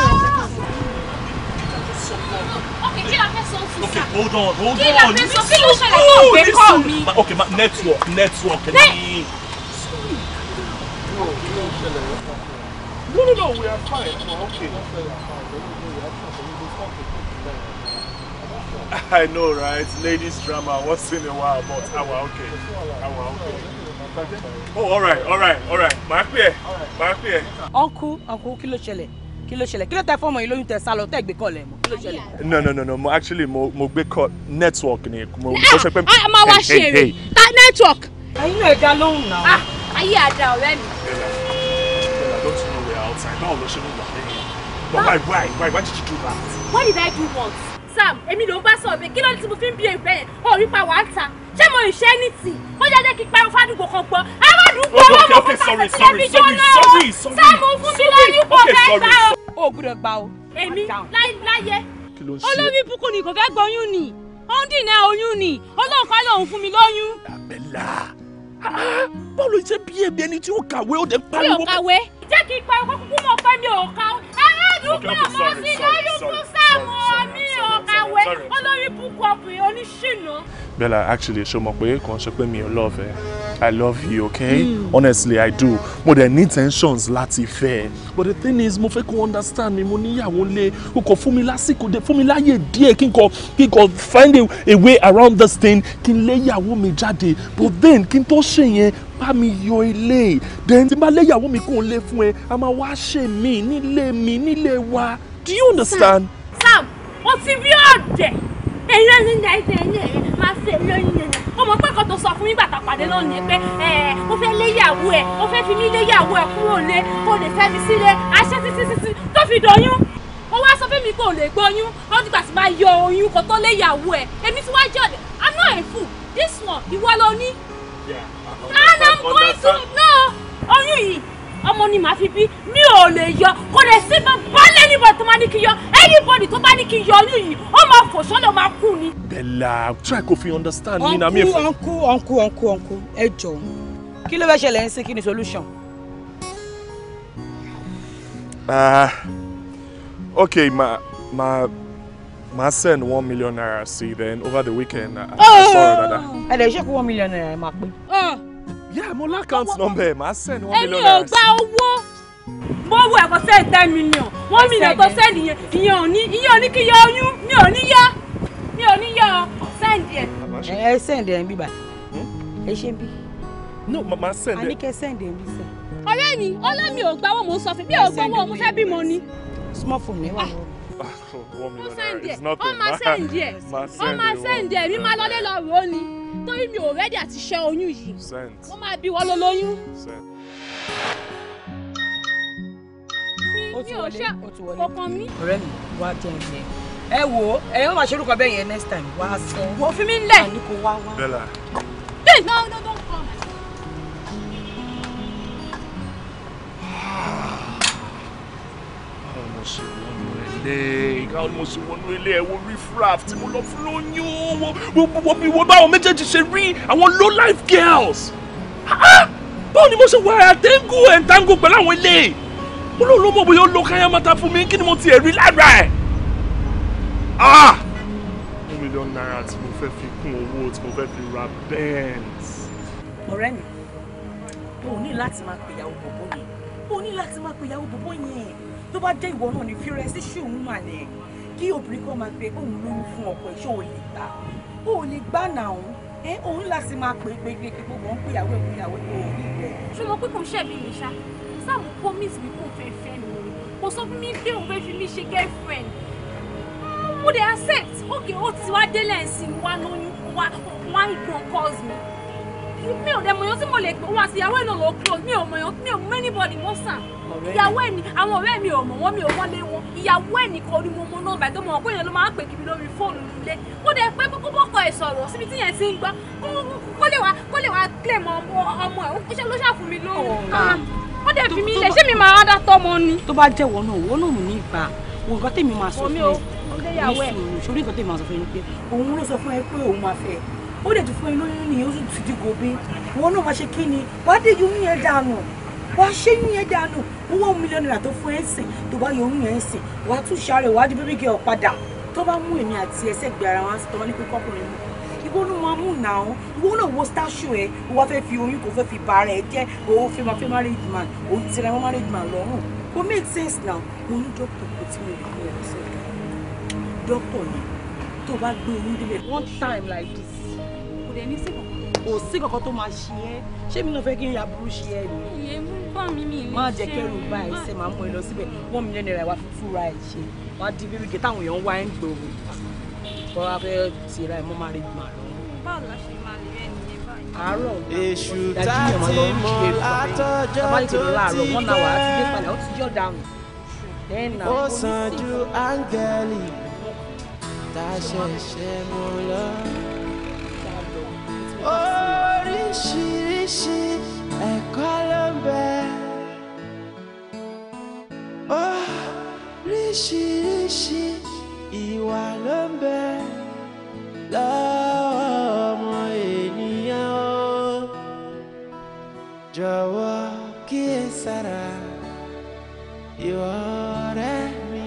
Okay, hold on, hold on. Kí ló ṣẹlẹ̀ kó o gbé kọ́ mi? Okay, network, network. Ní. Kí ló ṣẹlẹ̀? No, no, no, we are fine. We're oh, okay. (laughs) I know, right? Ladies drama once in a while, but I will okay. I ah, will okay. Oh, all right, all right, all right. Máa pè é, máa Uncle, uncle, kilo chile. Kilo chile. Kilo ṣẹlẹ̀? Kí ló tẹ fọ́mọ yìí lóyún tẹ sá lọ tẹ No, no, no, no. Mo actually mo mo gbé kọ network ni. Mo ah, mo sọ pé. A ah, máa wá ṣe èrè. Ta network. Ẹyin náà ẹja lóhùn náà. Ayé àdá ọ̀rẹ́ mi outside. Now all of a sudden you're playing. But why, why, why, why did you do that? Why did I do what? Sam, èmi ló ń bá sọ̀rọ̀ pé kí ló ní tí mo fi ń bí èèpẹ̀ yẹn? Ó rí pa wà á ta. Ṣé mo ìṣe ní tì? Ó jẹ́ jẹ́ kí parun fádùgbò kan gbọ́. Aládùúgbò wọn mo fún pàṣẹ sílẹ̀ bí jóná o. to go. fún mi lórí ipò fẹ́ gbà o. O gbúdọ̀ gbà o. Èmi láyé. Olórí ibùkún ni kò fẹ́ gbọ́yún ni. Ó ń dìnnà oyún ni. Ọlọ́run kọ́ lòun fún mi lóyún. Àbẹ̀là ah, ah, báwo ló ṣe bí ẹbí ẹni tí ó kàwé ó dẹ̀ pariwo. Mi ò kàwé jẹ́ kí n pa ìwé kúkú mọ̀ pé mi ò kà ó. ẹ pé ọmọ sí i lóyún kú sáwọn mi ò ìyàwó ẹ olórí búkú ọkùnrin oníṣìnà. Bella actually ṣe mọ̀ pé kàn ṣe pé mi ò love ẹ I love you okay mm. honestly I do mo dẹ̀ ní intentions láti fẹ́ ẹ but the thing is mo fẹ́ kó understand mi mo níyàwó lé o kò fún mi lásìkò dé fún mi láyè díẹ̀ kí n kò kí n kò find a, a way around this thing kí n lé ìyàwó mi jáde but then kí n tó ṣe yẹn bá mi yọ ilé then tí n bá lé ìyàwó mi kó n lé fún ẹ a máa wá ṣe mí nílé mi nílé wa do you understand. Sir ó ti bí ọ̀dẹ̀ ẹ̀yìn ní nàìjíríà ẹ̀yìn ẹ̀yìn máa ṣe lóyún ẹ̀yìn ọmọ pé kan tó sọ fún yín bàtà pàdé lónìí pé ẹ ó fẹ́ léyàwó ẹ̀ ó fẹ́ fi mí léyàwó ẹ̀ kúrò lé kó lè fẹ́ mi sílé àṣẹ títí títí tó fi dọyún ó wá sọ fún mi kó lè gbóyún ó nígbà tí máa yọ oyún kan tó léyàwó ẹ̀ èmi tí wàá jẹ́ ọ̀dẹ̀ i'm not a fool this one ìwọ ló ní. and i'm going to no oyún yìí ọmọ ni màá fi bí mi ò lè yọ kò lè sí balẹ̀ níbo tó máa ní kí yọ anybody tó bá ní kí yọ oyún yìí ó máa fò sọ́nà máa kú ni. bella try kò fi understand mi na mi fẹ́. ọ̀nkú ọ̀nkú ọ̀nkú ọ̀nkú ẹ jọ̀ọ́ kí ló fẹ́ ṣẹlẹ̀ ń sí kí ni solution. Uh, okay ma ma ma send one million naira sí then over the weekend. Oh, ẹ lè ṣe kó one million naira ẹ máa pín yeah mo lákàntì nọmba ẹ máa send one million naira. èmi ò gba owó mo wọ ẹ̀kọ́ sẹ́ẹ̀ ten million one million tó sẹ́ẹ̀lì yẹn ìyẹn ò ní ìyẹn ò ní kí yọ oyún mi ò ní yọ mi ò ní yọ send ẹ. ẹ send ẹ bíbá hmm? ẹ ṣe bí. no mama send ẹ. a ní kẹ send ẹ bí sẹ. ọ̀rẹ́ mi ọlọ́mi ò gbà owó mo sọ fún mi ò gbọ́ owó mo fẹ́ bímọ ni. small phone ni wà lọ́wọ́ ó sẹ́ǹdì ẹ̀ ó máa sẹ́ǹdì ẹ̀ ó máa sẹ́ǹdì ẹ̀ mi máa lọ́lé lọ́rùú ó ni torí mi ò rẹ́dí àti ṣẹ́ oyún yìí mo máa bí wọ́n lólóyún. mi ò ṣe ọkàn mi. ọ̀rẹ́ mi wá jẹun yẹn ẹ wo ẹ yóò máa ṣerúkọ bẹ́ẹ̀ yẹn next time wá sọ. wọ́n fi mí lẹ̀. àní wá wá. bẹ́ẹ̀ la. no no no ìgbà ni mo sì wọnú ilé ẹ wo refraf tí mo lọ fún lóyún wo báwọn méjèèjì ṣe rí àwọn low life girls báwo ni mo ṣe wà àtẹ́ngù ẹ̀ńtàngù pẹ̀lú àwọn ilé mo lóun ló bóyá ó lo káyà mọ́ta fún mi kí ni mo ti rí lára ẹ̀ ah million naira tí mo fẹ́ fi kún owó tí mo fẹ́ fi ra bẹ́ẹ̀ns. ọ̀rẹ́ mi o ní láti máa pèyàwó bòbó yẹn o ní láti máa pèyàwó bòbó yẹn tó bá jẹ́ ìwọ náà ni fírẹ́sì ṣì ń mà ní ẹ̀ kí obìnrin kan máa pe òun lóyún fún ọkọ ẹ̀ ṣé ò lè gbà ó lè gbà náà òun ẹ òun láti máa pè pé pé gbogbo wọn pé ìyàwó ẹ̀ pé ìyàwó ẹ̀ òun ní ìlẹ̀. ṣé mo pé kò ń ṣẹ̀bi mi ṣá sáwọn promise mi kò fẹ́ fẹ́ mi kò sọ fún mi pé òun fẹ́ fi mi ṣe girlfriend mo dey accept okay ó ti wá délẹ̀ sí wa lóyún wa wa ń gbọ̀n cause mi mi ò dẹ̀ mọ̀yán tí mo lè pè wá sí ẹ̀ náà lọ́ọ́ close mi ò mọ̀yán mi ò mọ̀ anybody mọ́ sàn ìyàwó ẹ̀ ní àwọn ọ̀rẹ́ mi ò mọ̀ wọ́n mi ò mọ́lé wọn ìyàwó ẹ̀ nìkan ni mo mọ nọ́mbà tó mọ̀ ọ́ pé èèyàn ló máa ń pè kiri lórí fóònù nílé ó dẹ pé kókó bọ́kọ ẹ̀ sọ̀rọ̀ síbi tí yẹn ti ń gbọ́ kó lè wá kó lè wá claim ọmọ ọmọ ẹ̀ ó ṣe ló ṣàfún mi lóhùn oh, ah, ó dẹ fi mi lẹ̀ ṣé mi máa rádá tọ́mọ ni. tó bá jẹ́ wọnà òun náà ní ìgbà òun nǹkan tèmi máa sọ fún ẹ nítorí nǹkan tèmi máa sọ fún ẹ ni pé òun ló sọ fún ẹ pé òun máa fẹ́ ó dẹ̀ tún fún ẹ lóyún nìyẹn ó sì ti di gòbe òun náà máa ṣe kí ni wàá dé yún yẹn dànù wàá ṣẹ́yìn yẹn dànù owó mílíọ̀nù náírà tó fún ẹ̀ ń sìn tó bá yọ ohun yẹn ń sìn wàá tún ṣàárẹ̀ wàá di bíbí kí ọ padà tó bá mú èmi àti ẹsẹ̀ gbé ara wọn tọ́ ní pé kọ́kùnrin mu ìwọ ló máa mú nà án ìwọ náà wo stasio ẹ ìwọ fẹ́ fi oyún kò fẹ́ fi ba ara ẹ jẹ́ òun fẹ́ máa fẹ́ marriage man òun ti ra marriage man lọ́rùn kò make sense now mo ní dókítà kò tí mo lè fún ẹ lọ́sẹ̀ dókítà yẹn tó bá gbé oyún délẹ̀ one time like this kò dẹ̀ ní sí kankan kò sí kankan tó máa ṣe ẹ́ ṣé mi náà fẹ́ kí n yàbúrú ṣe ẹ́ ni. iye mú bọ́ mi mi ní. má jẹ́ kẹ́rù bá ẹ ṣe máa mú ẹ lọ síbẹ̀ one million naira wá fi fúra ẹ ṣe wá di bíbí kí táwọn èèyàn wá ẹ ń gbòòrò kọ́ wá fẹ́ tìra ẹ mọ́ máa rí gbà lọ. báwo la ṣe máa lè rẹ́ nìyẹn báyìí. àárọ̀ èṣù tá ti mọ̀ látọjọ́ tó ti kọ́ ó sàn ju áńgẹ́lì tá a ṣẹ̀ṣẹ̀ mọ̀ lọ oríṣiríṣi ẹ̀kọ́ ló ń bẹ oríṣiríṣi ìwà ló ń bẹ lọ́wọ́ ọmọ ènìyàn o jọ̀wọ́ kíyèsára ìwọ ọ̀rẹ́ mi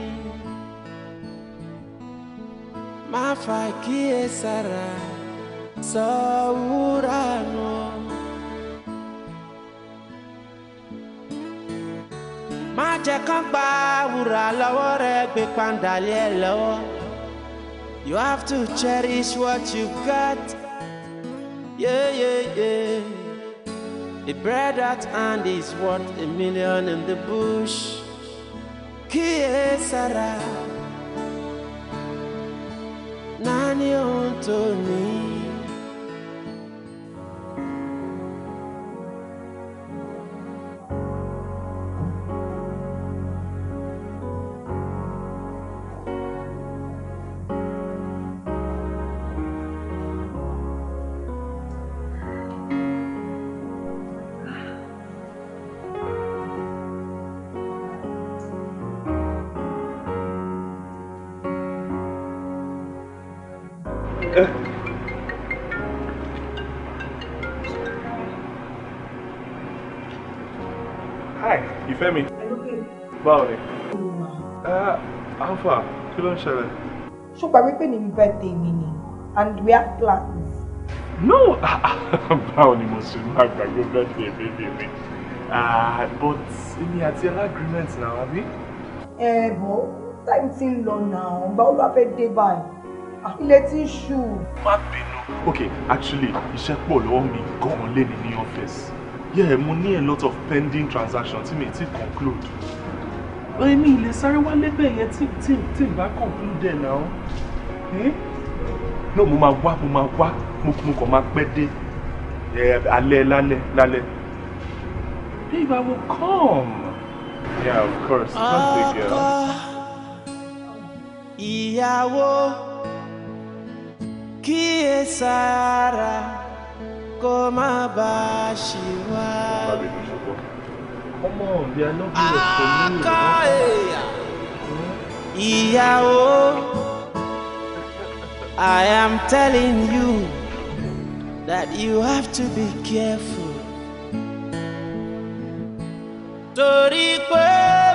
má fà kíyèsára. sa má jẹ́ kán lọ́wọ́ rẹ pàǹdàlẹ́ lọ́wọ́. You have to cherish what you got. Yeah, yeah, yeah. A bread at hand is worth a million in the bush. Kíyè sára. Nani ohun tó ní. ṣẹlẹ̀. ṣùgbọ́n wípé ní birthday mi ni and we have plans. no (laughs) báwo ni mo ṣe máa gbàgbé birthday baby mi ah, but èmi àti ẹlá agreement náà wá bí. ẹ bọ time ti ń lọ náà ọgbà ó lọ fẹ́ dé báyìí ah, ilé ti ń ṣú. má bínú. ok actually iṣẹ́ pọ̀ lọ́wọ́ mi gan-an lé ní ní ọ́fẹ́sì. yeah mo ní a lot of pending transactions tí mi ti conclude èmi ìlè sáré wá lẹ́gbẹ̀ẹ́ yẹn tí tí tí ìbá conclude náà no mo máa wá mo máa wá mo kàn máa pẹ́ dé alẹ́ lálẹ́ lálẹ́ babe I will come yeah of course don't be girl. ìyàwó kíyèsára kó má bàa ṣì wá. Come on, we are not here for you. Eh, I am telling you that you have to be careful. Torí pé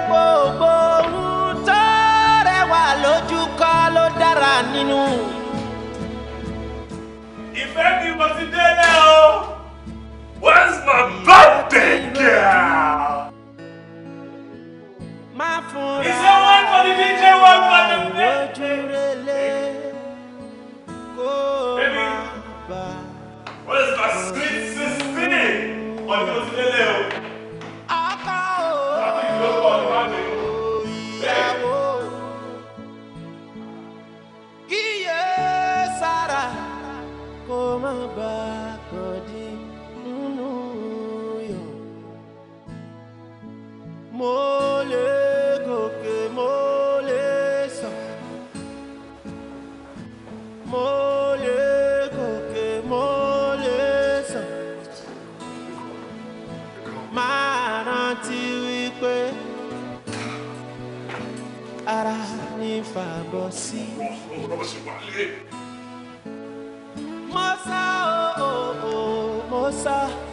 gbogbo ohun tó rẹwà lójú kọ́ ló dára nínú. Ìfẹ́ kí mo ti délé o. Where's my birthday girl? My phone. Is there one for the DJ? One for the DJ, Baby. Where's my sweet sister? On your little. Kíyèsára kó má bàa kàn dín. mo que gòkè mo que sàn mo lè ara ni fàbọ̀ sí. mo sá o mo sá. Oh, oh, oh,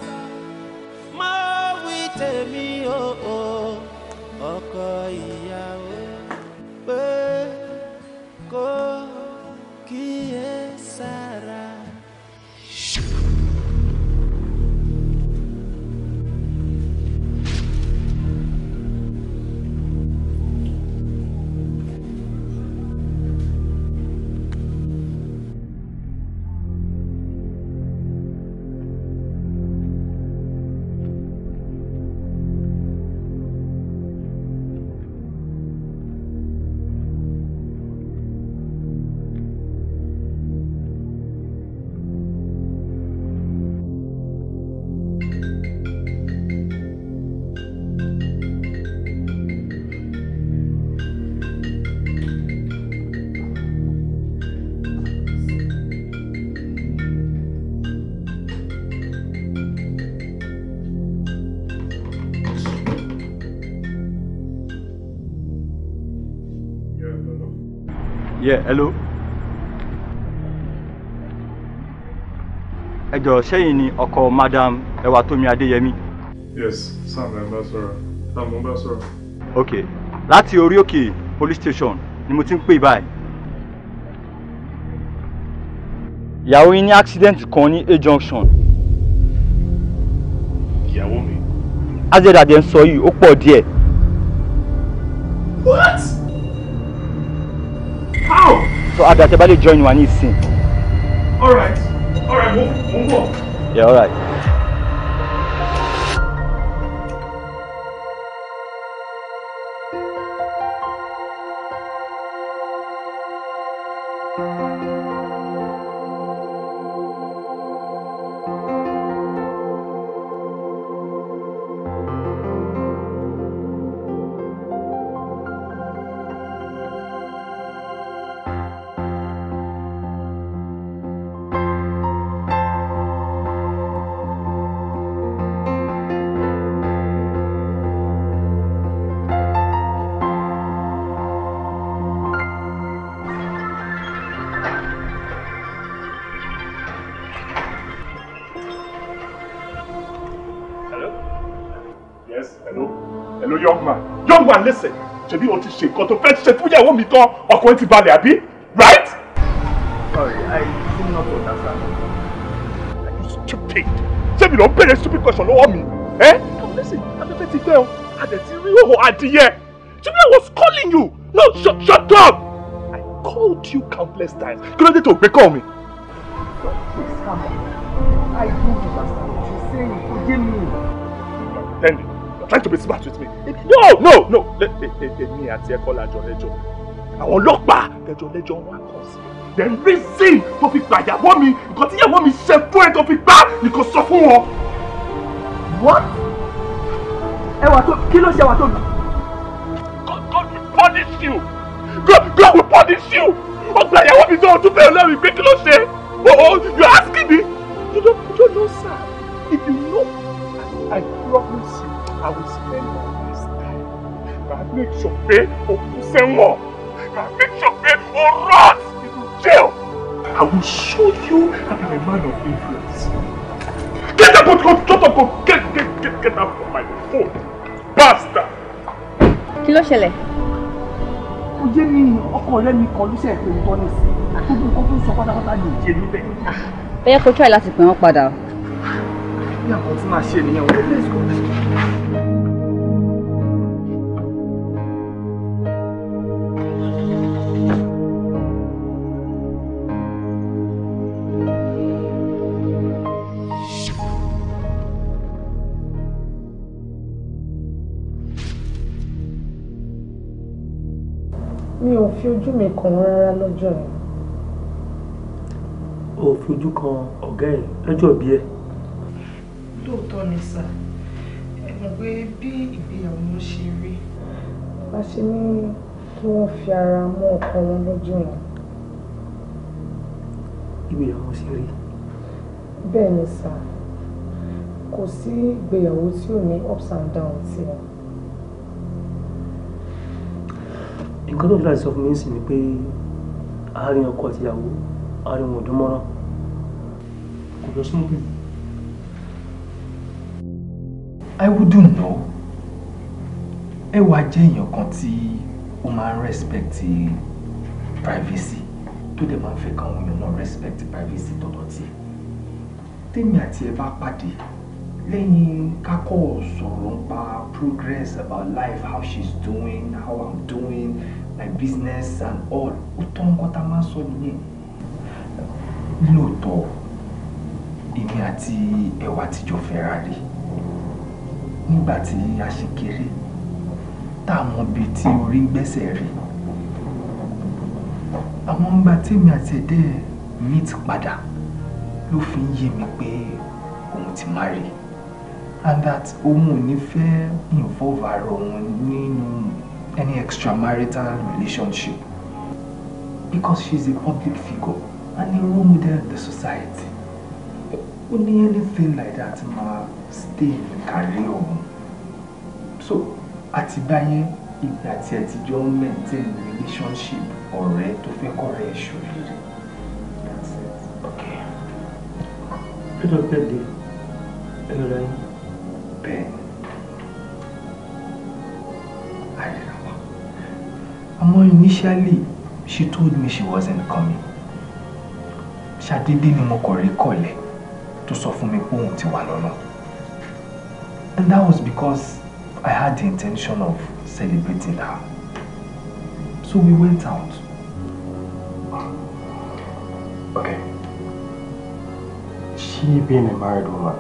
yeah hello. ẹ jọ̀ọ́ sẹ́yìn ni ọkọ madam Ẹwàtómi Adéyẹmí. yes sam Ambassador, sam Ambassador. Okay, sọ̀rọ̀. ok láti police station ni mo ti ń pè báyìí. ìyàwó accident kan ní a junction. ìyàwó mi. azedade ń sọ yìí ó pọ̀ díẹ̀. what so àdàtẹ̀ bá lè join one ní ìsìn. all right all right mo ń bọ̀. yeah all right. ṣe nǹkan tó fẹ́ ṣe fúnyàwó mi tán ọkùnrin ti balẹ̀ àbí right. sorry i do not understand. are you stupid? ṣé mi ló ń bèrè stupid question lọ́wọ́ mi? ẹ eh? come listen afẹ́fẹ́ ti gbẹ o àdẹ̀tí rí òhò adìyẹ Julia was calling you no shut, shut up i called you countless times kí ló dé tó gbé kọ́ mi. please calm down i don't understand what you say you you're pretending you're trying to be smart with me no no no èmi àti ẹ̀kọ́ làjọ lẹ́jọ́ àwọn ọlọ́pàá lẹ́jọ́ lẹ́jọ́ wọn kàn sí then reason tó fi gbà yàwó mi nǹkan tí yàwó mi ṣe fún ẹ tó fi gbà nìkan sọ fún wọn. what ẹwà tó kí ló ṣe ẹwà tó gbà. God God will punish you God God will punish you ó gbà yàwó mi tó o tún bẹ̀rẹ̀ lẹ́rìí pé kí ló ṣe oh, oh you are asking me you don't you don't know sir if you know I, I promise you I will spend make sure pé o kú sẹ́wọ̀n make sure pé o rot inú jail. I will show you that I'm a man of influence. Get up, go, go, go, go, get, get, get, get out from my phone. Bastard. Kí ló ṣẹlẹ̀? Kò yé mi ọkọ rẹ mi kọ lóṣẹ̀ pé ń tọ́ ní sí. Gbogbo nǹkan tó ń sọ pátápátá lè jẹ níbẹ̀. Bẹ́ẹ̀ kò try láti pè wọ́n padà. Bí àkọ́tún máa ṣe nìyẹn, wọ́n lè sọ. fojú mi kàn wọ́n rárá lọ́jọ́ yẹn. o fojú kan ọ̀gá ẹ̀ lọ́jọ́ bí ẹ. lóòótọ́ ni sà ẹ mọ̀ pé bí ìgbéyàwó wọn ṣe rí. a ṣe ní kí wọ́n fi ara mọ́ ọkọ wọn lọ́jọ́ yẹn. ìgbéyàwó ṣe rí. bẹ́ẹ̀ ni sà kò sí ìgbéyàwó tí ò ní ups and downs sí nǹkan tó ń fúlàṣì sọ fún mi sì ni pé àárín ọkọ àti ìyàwó àárín wọn ò mọ́rán kò lọ sínú bíi. I wouldn't know ẹ wàá jẹ́ èèyàn kan tí ó máa ń respect privacy tó dẹ̀ máa ń fẹ́ káwọn èèyàn náà respect privacy tọ̀dọ̀ tiẹ̀ tèmi àti ẹ bá pàdé lẹ́yìn kákọ́ sọ̀rọ̀ nípa progress about life how she's doing how I'm doing my business and all ó tọ́ nǹkan tá a máa ń sọ nìyẹn lóòótọ́ èmi àti ẹ̀wà àtijọ́ fẹ́ra rí nígbà tí a ṣe kéré tá a mọ bíi tí orí ń gbẹ́sẹ̀ rí àwọn ńgbà tèmi àti ẹ̀dẹ́ meet padà ló fi ń yé mi pé òun ti má rí and that òun ò ní fẹ́ involve ara òun nínú any extramarital relationship because she's a public figure and a role model in the society. Only anything like that ma stay in career òun. So àtìgbà yẹn ìgbà tí ẹ ti jọ ń maintain relationship already to fẹ́ kọ́rẹ́ ẹ̀ṣù That's it. Okay. Peter ló pẹ́ de àmọ́ initially she told me she wasn't coming ṣàdédé ni mo kọ̀ rí kọ̀lẹ̀ tó sọ fún mi pé òun ti wà lọ́nà and that was because I had the intention of celebrating her so we went out. Okay. She being a married woman,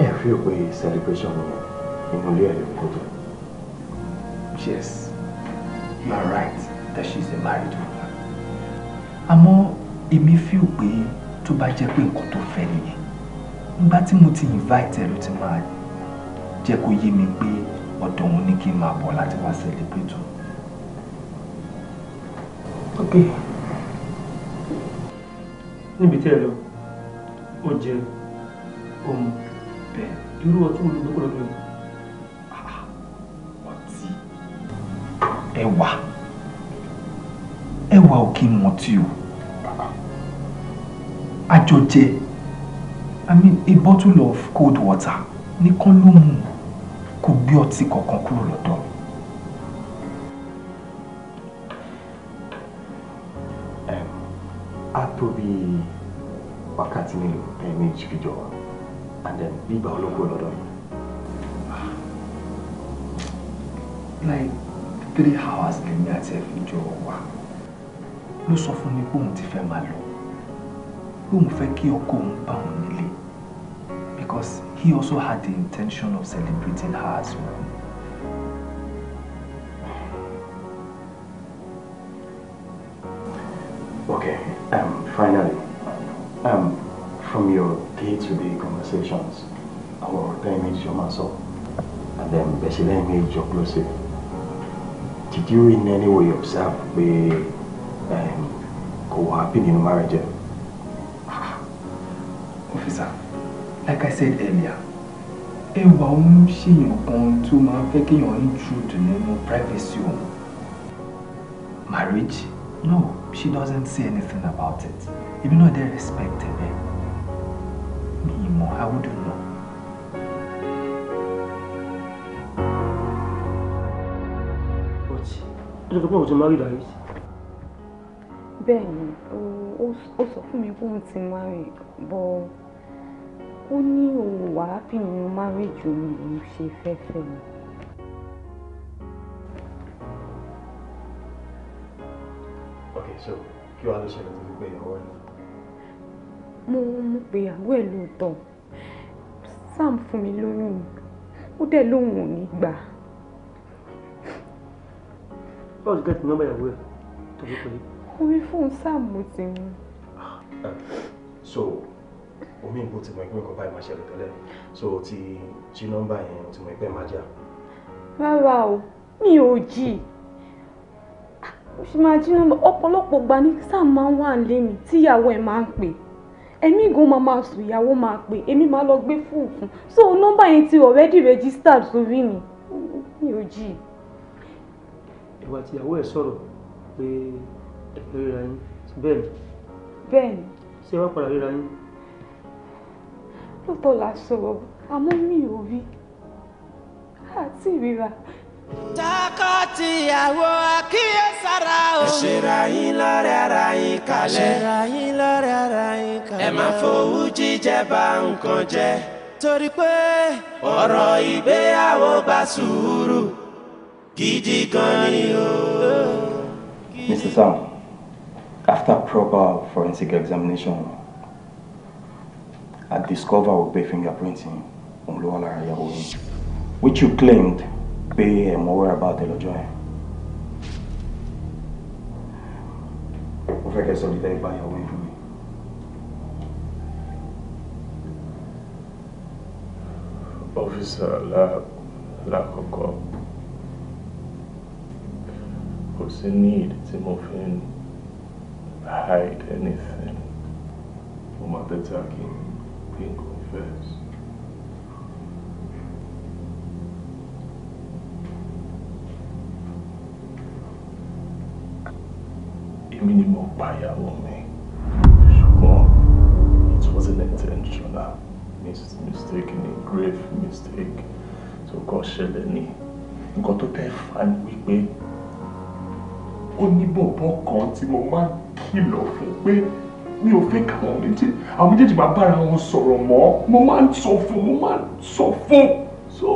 every way celebration in Oluya Yes you are right that she is a married woman àmọ́ èmi feel pé tó bá jẹ́ pé nǹkan tó fẹ́ nìyẹn nígbà tí mo ti invite ẹ ló ti máa jẹ́ kó yé mi pé ọ̀dọ̀ òun ni kí n máa bọ̀ láti wá celebrate o. ok níbi tí ẹ lọ ó jẹ ohun bẹ́ẹ̀ irú ọtún olùdókòlódò yìí. ẹwà ẹwà ò kí n mọtí o àjọjẹ i mean a bottle of cold water nìkan ló mú kó gbé ọtí kankan kúrò lọ́dọ̀ mi. á wákàtí mélòó ẹ̀ẹ̀mejì fi and then bí ìgbà olóko lọ́dọ̀ mi. like three hours lèmi àti ẹ̀ fi jọ wà ló sọ fún mi pé òun ti fẹ́ máa lọ lóun fẹ́ kí ọkọ òun bá òun nílé because he also had the intention of celebrating her as well. Okay, um, finally, um, from your day-to-day conversations, our time is your muscle, and then Bessile made your closing did you in any way observe pé um, kò wá happy nínú marriage? officer like i said earlier ẹwà òun ṣèyàn kan to máa faking your kéèyàn in nínú privacy marriage no she doesn't say anything about it Even though dey respect me bẹ́ẹ̀ mi i wouldn't know. kí ló sọ pé òun ti marry Dayọ̀ sí. bẹ́ẹ̀ni ó sọ fún mi pé òun ti marry bọ́ ó ní òun wà happy nínú marriage òun ṣe fẹ́ fẹ́ ok so kí wàá ló ṣẹlẹ̀ tó fi pé ìyàwó ẹ̀ lọ. mo mo pe ìyàwó ẹ̀ lóòótọ́ Sam fún mi lóyún ó dẹ̀ lóun ò ní gbà á báwo ti gẹ́tì nọ́mbà ìyàwó ẹ̀ tó fi pè é. orí fóònù sáàmù ti mú. Ah, eh, so omi ìbò ti mọ ìpín nǹkan báyìí máa ṣẹlẹ̀ so ti jí nọ́mbà yẹn o ti mọ ìpẹ́ máa jà. rárá o mi ò jí ah, mo ṣe máa jí nọ́mbà ọ̀pọ̀lọpọ̀ gba ní sáàmù máa ń wà lé mi tíyàwó ẹ̀ máa ń pè ẹ̀mí ìgò máa máa sùn ìyàwó máa so number yẹn ti already registered So, mi mi ò jí i ìwà àtìyàwó ẹ̀ sọ̀rọ̀ pé ẹ̀fẹ́ ríra yín bẹ́ẹ̀ ni. bẹ́ẹ̀ ni. ṣé ẹ wá padà ríra yín. lóòótọ́ la sọ̀rọ̀ àmọ́ mi ò rí àti ìríra. takọtìyàwó akíyèsára o. ẹ ṣera yín lọ́rẹ́ ara yín kalẹ̀. ẹ ṣera yín lọ́rẹ́ ara yín kalẹ̀. ẹ má fowú jíjẹ bà nǹkan jẹ́. torí pé ọ̀rọ̀ ìgbéyàwó bá sùúrù. Oh. Mr. Sam, after proper forensic examination, I discovered Ogbe fingerprinting on Luola Yahoe, which you claimed be a more about Elojoy. Mo fẹ́ kẹ́ sọ dídá ìgbà ìyàwó yẹn fún mi. Ọ́fíìsà lákọ̀ọ́kọ́ kò sí need to mo fi hide anything from máa tẹ́tà being confessed. kí n confess. èmi ni mo pa it wasn't intentional mistake a grave mistake So God ṣẹlẹ̀ ni nǹkan tó tẹ́ fà ní wípé ó ní bọ̀bọ̀ kan tí mo máa ń kìlọ̀ fún pé mi ò fẹ́ káwọn méjì àwọn méjèèjì máa bára wọn sọ̀rọ̀ mọ́ mo máa ń sọ fún mo máa ń sọ fún so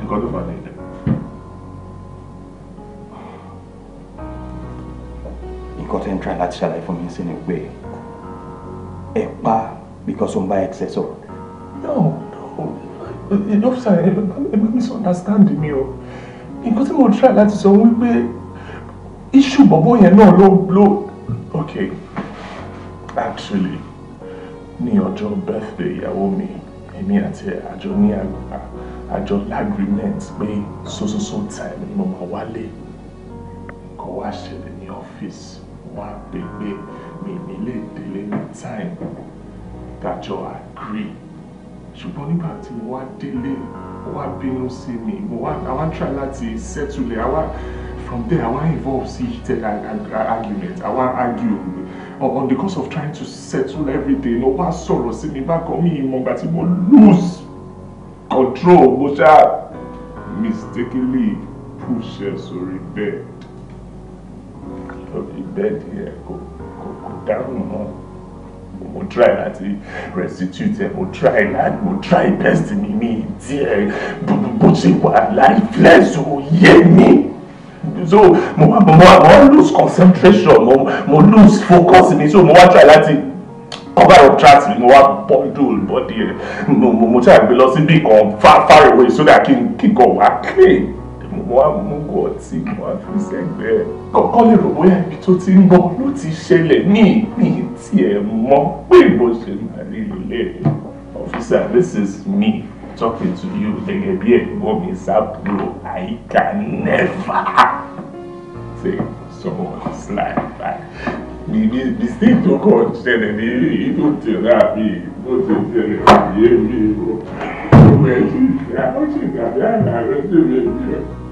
nǹkan tó fà ní ilẹ̀. nǹkan tẹ́ ń tra láti ṣàlàyé fún mi sí ni pé ẹ pa because ó ń bá excess ọ̀rọ̀. no no enough sir ẹ misunderstand mi o nǹkan tí mo try láti sọ wípé iṣu bọ̀bọ̀ yẹn náà ló ló ok actually ní ọjọ́ birthday ìyàwó mi èmi àti àjọ ní àjọ agreement pé so so so time ni mo máa wálé kò wá ṣẹlẹ̀ ní ọ́fíìsì wá pé pé mi nílé délé ní time dájọ́ agree ṣùgbọ́n nígbà tí mo wá délé ó wá bínú sí mi mo wá i wan try láti settle it. i wan from there i wan involve sí an argument i wan argue on, the course of trying to settle everything ó wá sọ̀rọ̀ sí mi bákan mi ìmọ̀gbà tí mo lose control mo ṣáà mistakenly push ẹ sórí bed lórí bed yẹn kò kò kò dáhùn náà mo try láti restitute mo try láti mo try best mi mi díẹ̀ bó ṣe wà lifeless ò yé mi so mo wá mo wá lose concentration mo mo lose focus mi so mo wá try láti cover up tracks mi mo wá bundle body ẹ mo mo try gbé lọ síbi kan far far away so that kí n kí n kàn clean mo á ọtí mo á fi sẹ́gbẹ̀ẹ́ lè rò bóyá ibi tó ti ń bọ̀ ló ti ṣẹlẹ̀ ní ìpín tiẹ̀ mọ́ pé bó ṣe máa rí ilé rẹ̀ officer this is me talking to you gẹ́gẹ́ bí ẹ̀gbọ́n mi sábúrò I can never take someone's life back mi mi mi sí tó kọ̀ ṣẹlẹ̀ ní ìlú tẹ̀lé àbí bó ti ṣẹlẹ̀ àbí èmi o. 我也是，然后去哪边哪个就没有。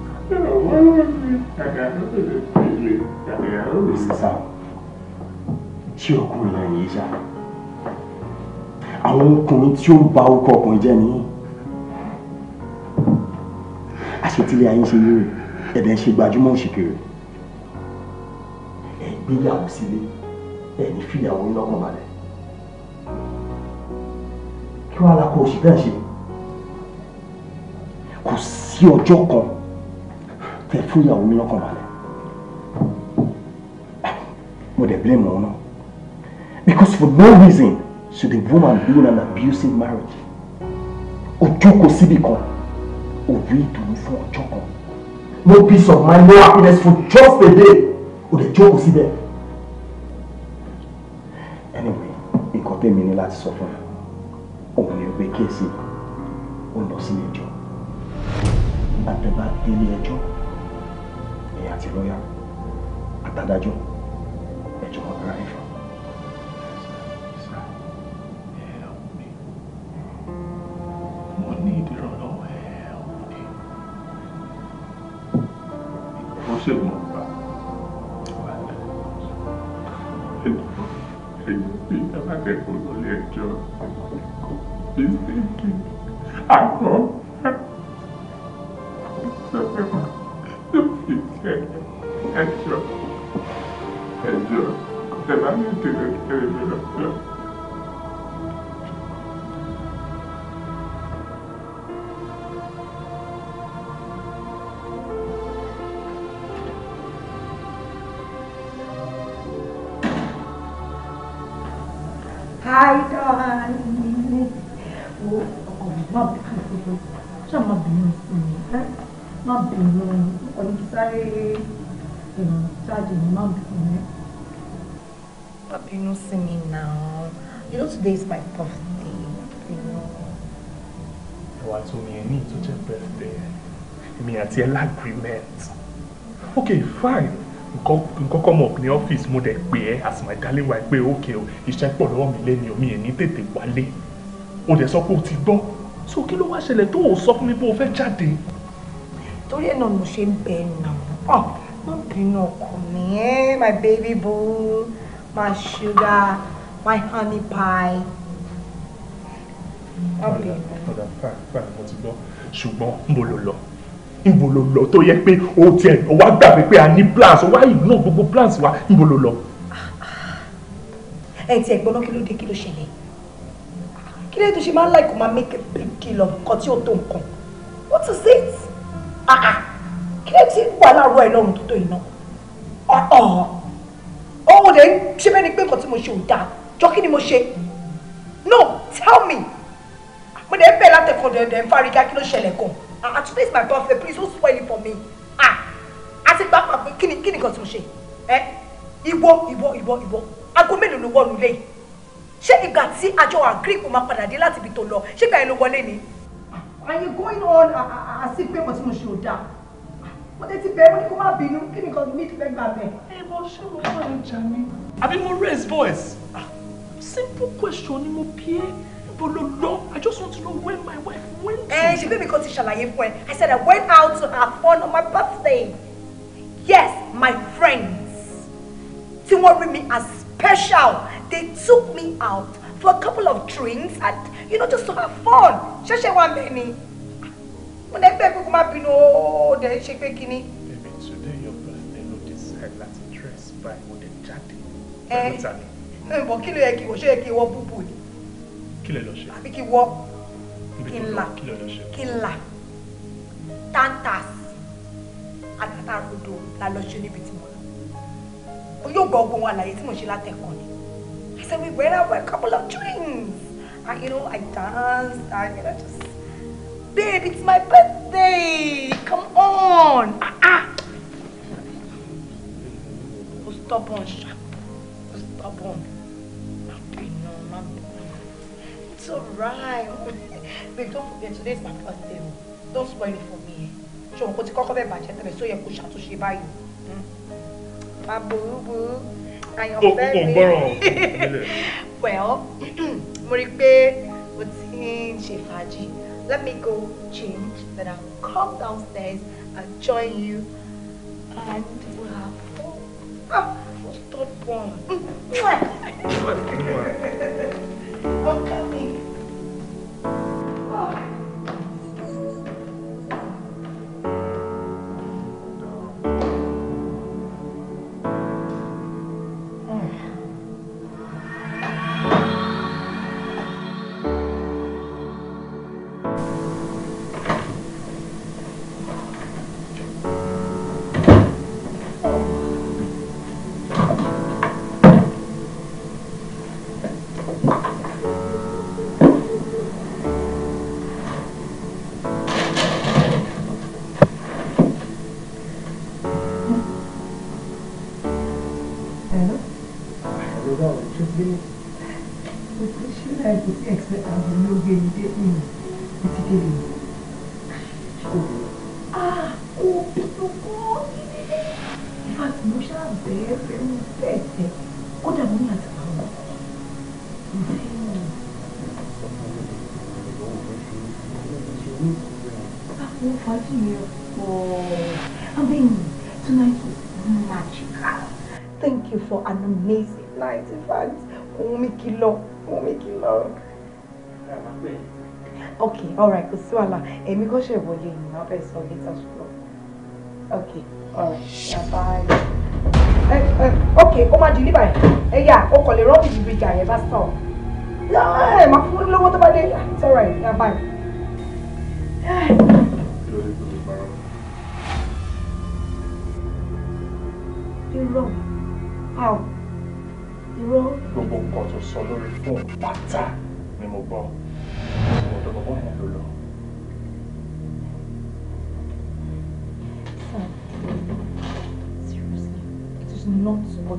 Mr. Sam, ṣé ọkùnrin náà yìí ṣá? Àwọn ọkùnrin tí ó ń ba orúkọ ọkùnrin jẹ́ ni. Àṣetílé ayé ṣe yóò ẹ̀dẹ̀ ń ṣe gbajúmọ̀ òṣìkèrè. Ẹ gbéyàwó sílé, ẹ ní fìyàwó lọ́kàn balẹ̀. Kí wàá lakọ òṣìkèrè ṣe? Kò sí ọjọ́ kan ẹ fún ìyàwó mi lọ́kàn balẹ̀ mo dẹ̀ blame wọn náà because for no reason should a woman be in an abusive marriage ó jókòó síbì kan ó to ìdùnnú fún ọjọ́ kan no peace of mind no happiness for just a day ó dẹ̀ jókòó síbẹ̀ anyway nǹkan tẹ̀mí ni láti sọ fún un òun ni ó gbé kéèsì ó lọ sílé ẹjọ́ àtẹ̀bá délé ẹjọ́ àti lọ́yà àtàdájọ́ ẹjọ́ ọ̀gá ẹ̀fà. mo ní ìdírànlọ́wọ́ ẹ̀ ọ́ ní ìfọwọ́sẹ̀gùn ọ̀gbà wà lẹ́nu ẹ̀yìn bí alákẹ́kọ̀ọ́ lọ́lẹ́ ẹjọ́ kò ní Daddy, má bínú. Má bínú sí mi now. You know today is my birthday. You know. Ẹ̀wà tó mi ẹ̀ ní tó birthday ẹ̀. Èmi àti ẹ̀ lágrímẹ̀t. Okay, fine. Nǹkan come up. ní ọ́fíìsì mo dẹ̀ pè ẹ́ as my darling wife pé okay o iṣẹ́ pọ̀ lọ́wọ́ mi lẹ́ni omi ẹ̀ ní tètè wálé. O dẹ̀ sọ pé ti gbọ́. So kí ló wá ṣẹlẹ̀ tó o sọ fún mi pé o fẹ́ jáde? Torí ẹ̀ náà mo ṣe ń bẹ ẹ̀ bínú ọkọ mi ẹ́ my baby boo my sugar my honey pie. Okay. fàáfàá mo ti gbọ́ ṣùgbọ́n mo lò lọ níbo ló lọ tó yẹ pé o tiẹ̀ wá gbàgbé pé a ní plans wá ìgbóná gbogbo plans wa níbo ló lọ. ẹ ti ẹ̀gbọ́n náà kí ló dé kí ló ṣẹlẹ̀ kí ló tó ṣe máa ń láìkó máa make a big deal of nǹkan tí ó tó nǹkan what is it? Ah, ah kí ló ti ń wà láàárọ̀ ẹ lọ́rùn tó tó iná ọ̀hún lè ṣe bẹ́ẹ̀ ni pé nǹkan tí mo ṣe ò dáa jọ kí ni mo ṣe no tell me mo dẹ̀ ń bẹ̀ látẹ̀kọ̀ dẹ̀dẹ̀ ń fárígá kí ló ṣẹlẹ̀ kan at least my birthday please don't spoil it for me ah àti gbà pa pé kí ni kí ni nǹkan tí mo ṣe ẹ ìwọ ìwọ ìwọ ìwọ aago mélòó ló wọnú lé ṣé ìgbà tí àjọ agree kò máa padà dé láti ibi tó lọ ṣé ìgbà yẹn ló wọlé ni. are you going on àti pé mo ti mo ṣe ò dáa mo tẹ́ ti bẹ̀rù ní kó má bínú kí ni kan mi ti fẹ́ gbà bẹ̀. ẹ bọ ṣé mo wà ní ìjà mi. àbí mo raise voice ah, simple question ni mo bí ẹ níbo ló lọ I just want to know where my wife went to. ẹ ṣe bí mi kan ti ṣàlàyé fún ẹ I said I went out to her fun on my birthday yes my friends tí wọ́n rí mi as special they took me out for a couple of drinks and you know just to have fun ṣẹ̀ṣẹ̀ wà mẹ́ni mo dẹ̀ pé kó má bínú ó dẹ̀ ṣe pé kínní. baby today your birthday no decide láti dress by mo dẹ̀ jáde pẹ̀lú tani. ẹ bọ̀ kí ló yẹ kí wọ́n ṣe yẹ kí wọ́n búbù ni. kí lè lọ ṣe. àbí kí wọ́ kí n là kí n là tantas àtàtà àgbòdo la lọ ṣe níbi tí mo lọ. mo yóò gbọ́ gbogbo àlàyé tí mo ṣe látẹ̀kọ́ ni. I said we went out for a couple of drinks. And you know, I danced and you know, just babe, it's my birthday. Come on. Ah, ah. Oh, stubborn, sharp. Oh, stubborn. It's alright. babe, don't forget, today's my birthday. Don't spoil it for me. Ṣé nǹkan tí kọ́kọ́ bẹ́ẹ̀ bàjẹ́ tẹ̀lé sóyè kó ṣàtúnṣe báyìí? Má burúburú. Àyànfẹ́ mi. Ó kò ń gbọ́ràn. (laughs) Well, (clears throat) mo rí i pé o ti ń ṣe fàájì. let me go change, then I'll come downstairs and join you and we'll have fun. Ah, stop one. okay. (laughs) èmi kò ṣe wọlé yìí náà fẹ́ sọ later ṣùgbọ́n ok alright bye. Eh, eh, Okay, ó máa deliver ẹ eh, ẹ yà ó kọ̀ lè rọ́ọ̀bì ìdìbò ìjà yẹn bá sọ̀ ẹ máa fún lówó tó bá dé it's alright yà bye. Irọ́ how irọ́. Gbogbo nǹkan tó sọ lórí fóònù pátá ni mo gbọ́.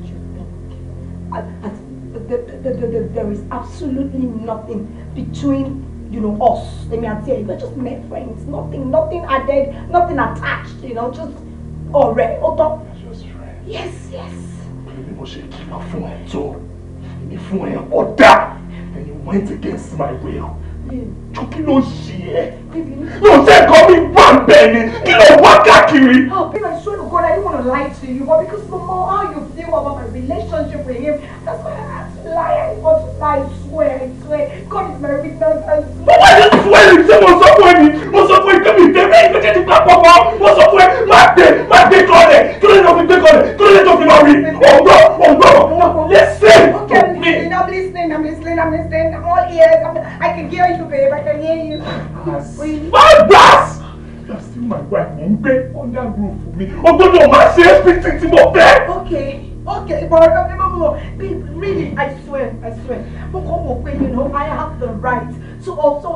what you I, I, the, the, the, there is absolutely nothing between you know us. Let me tell you, we're just mere friends. Nothing, nothing added, nothing attached. You know, just alright. Oto. Just friends. Yes, yes. People should keep our phone at all. If you are order, and you went against my will jọ kí ló ń ṣe ẹ ló ń tẹ́kọ̀ọ́ mi wà bẹ́ẹ̀ ni kí ló wá káàkiri. Oh, babe, I swear to God, I didn't want to lie to you, but because the more how you feel about my relationship with him, that's why I had to lie. I want to swear, I swear. God is my witness, I swear. But why are you swearing? approve mi o gbọ́dọ̀ máa ṣe everything tí mo fẹ́. okay okay but remember uh, really i swear i swear But come on, pé you know i have the right to also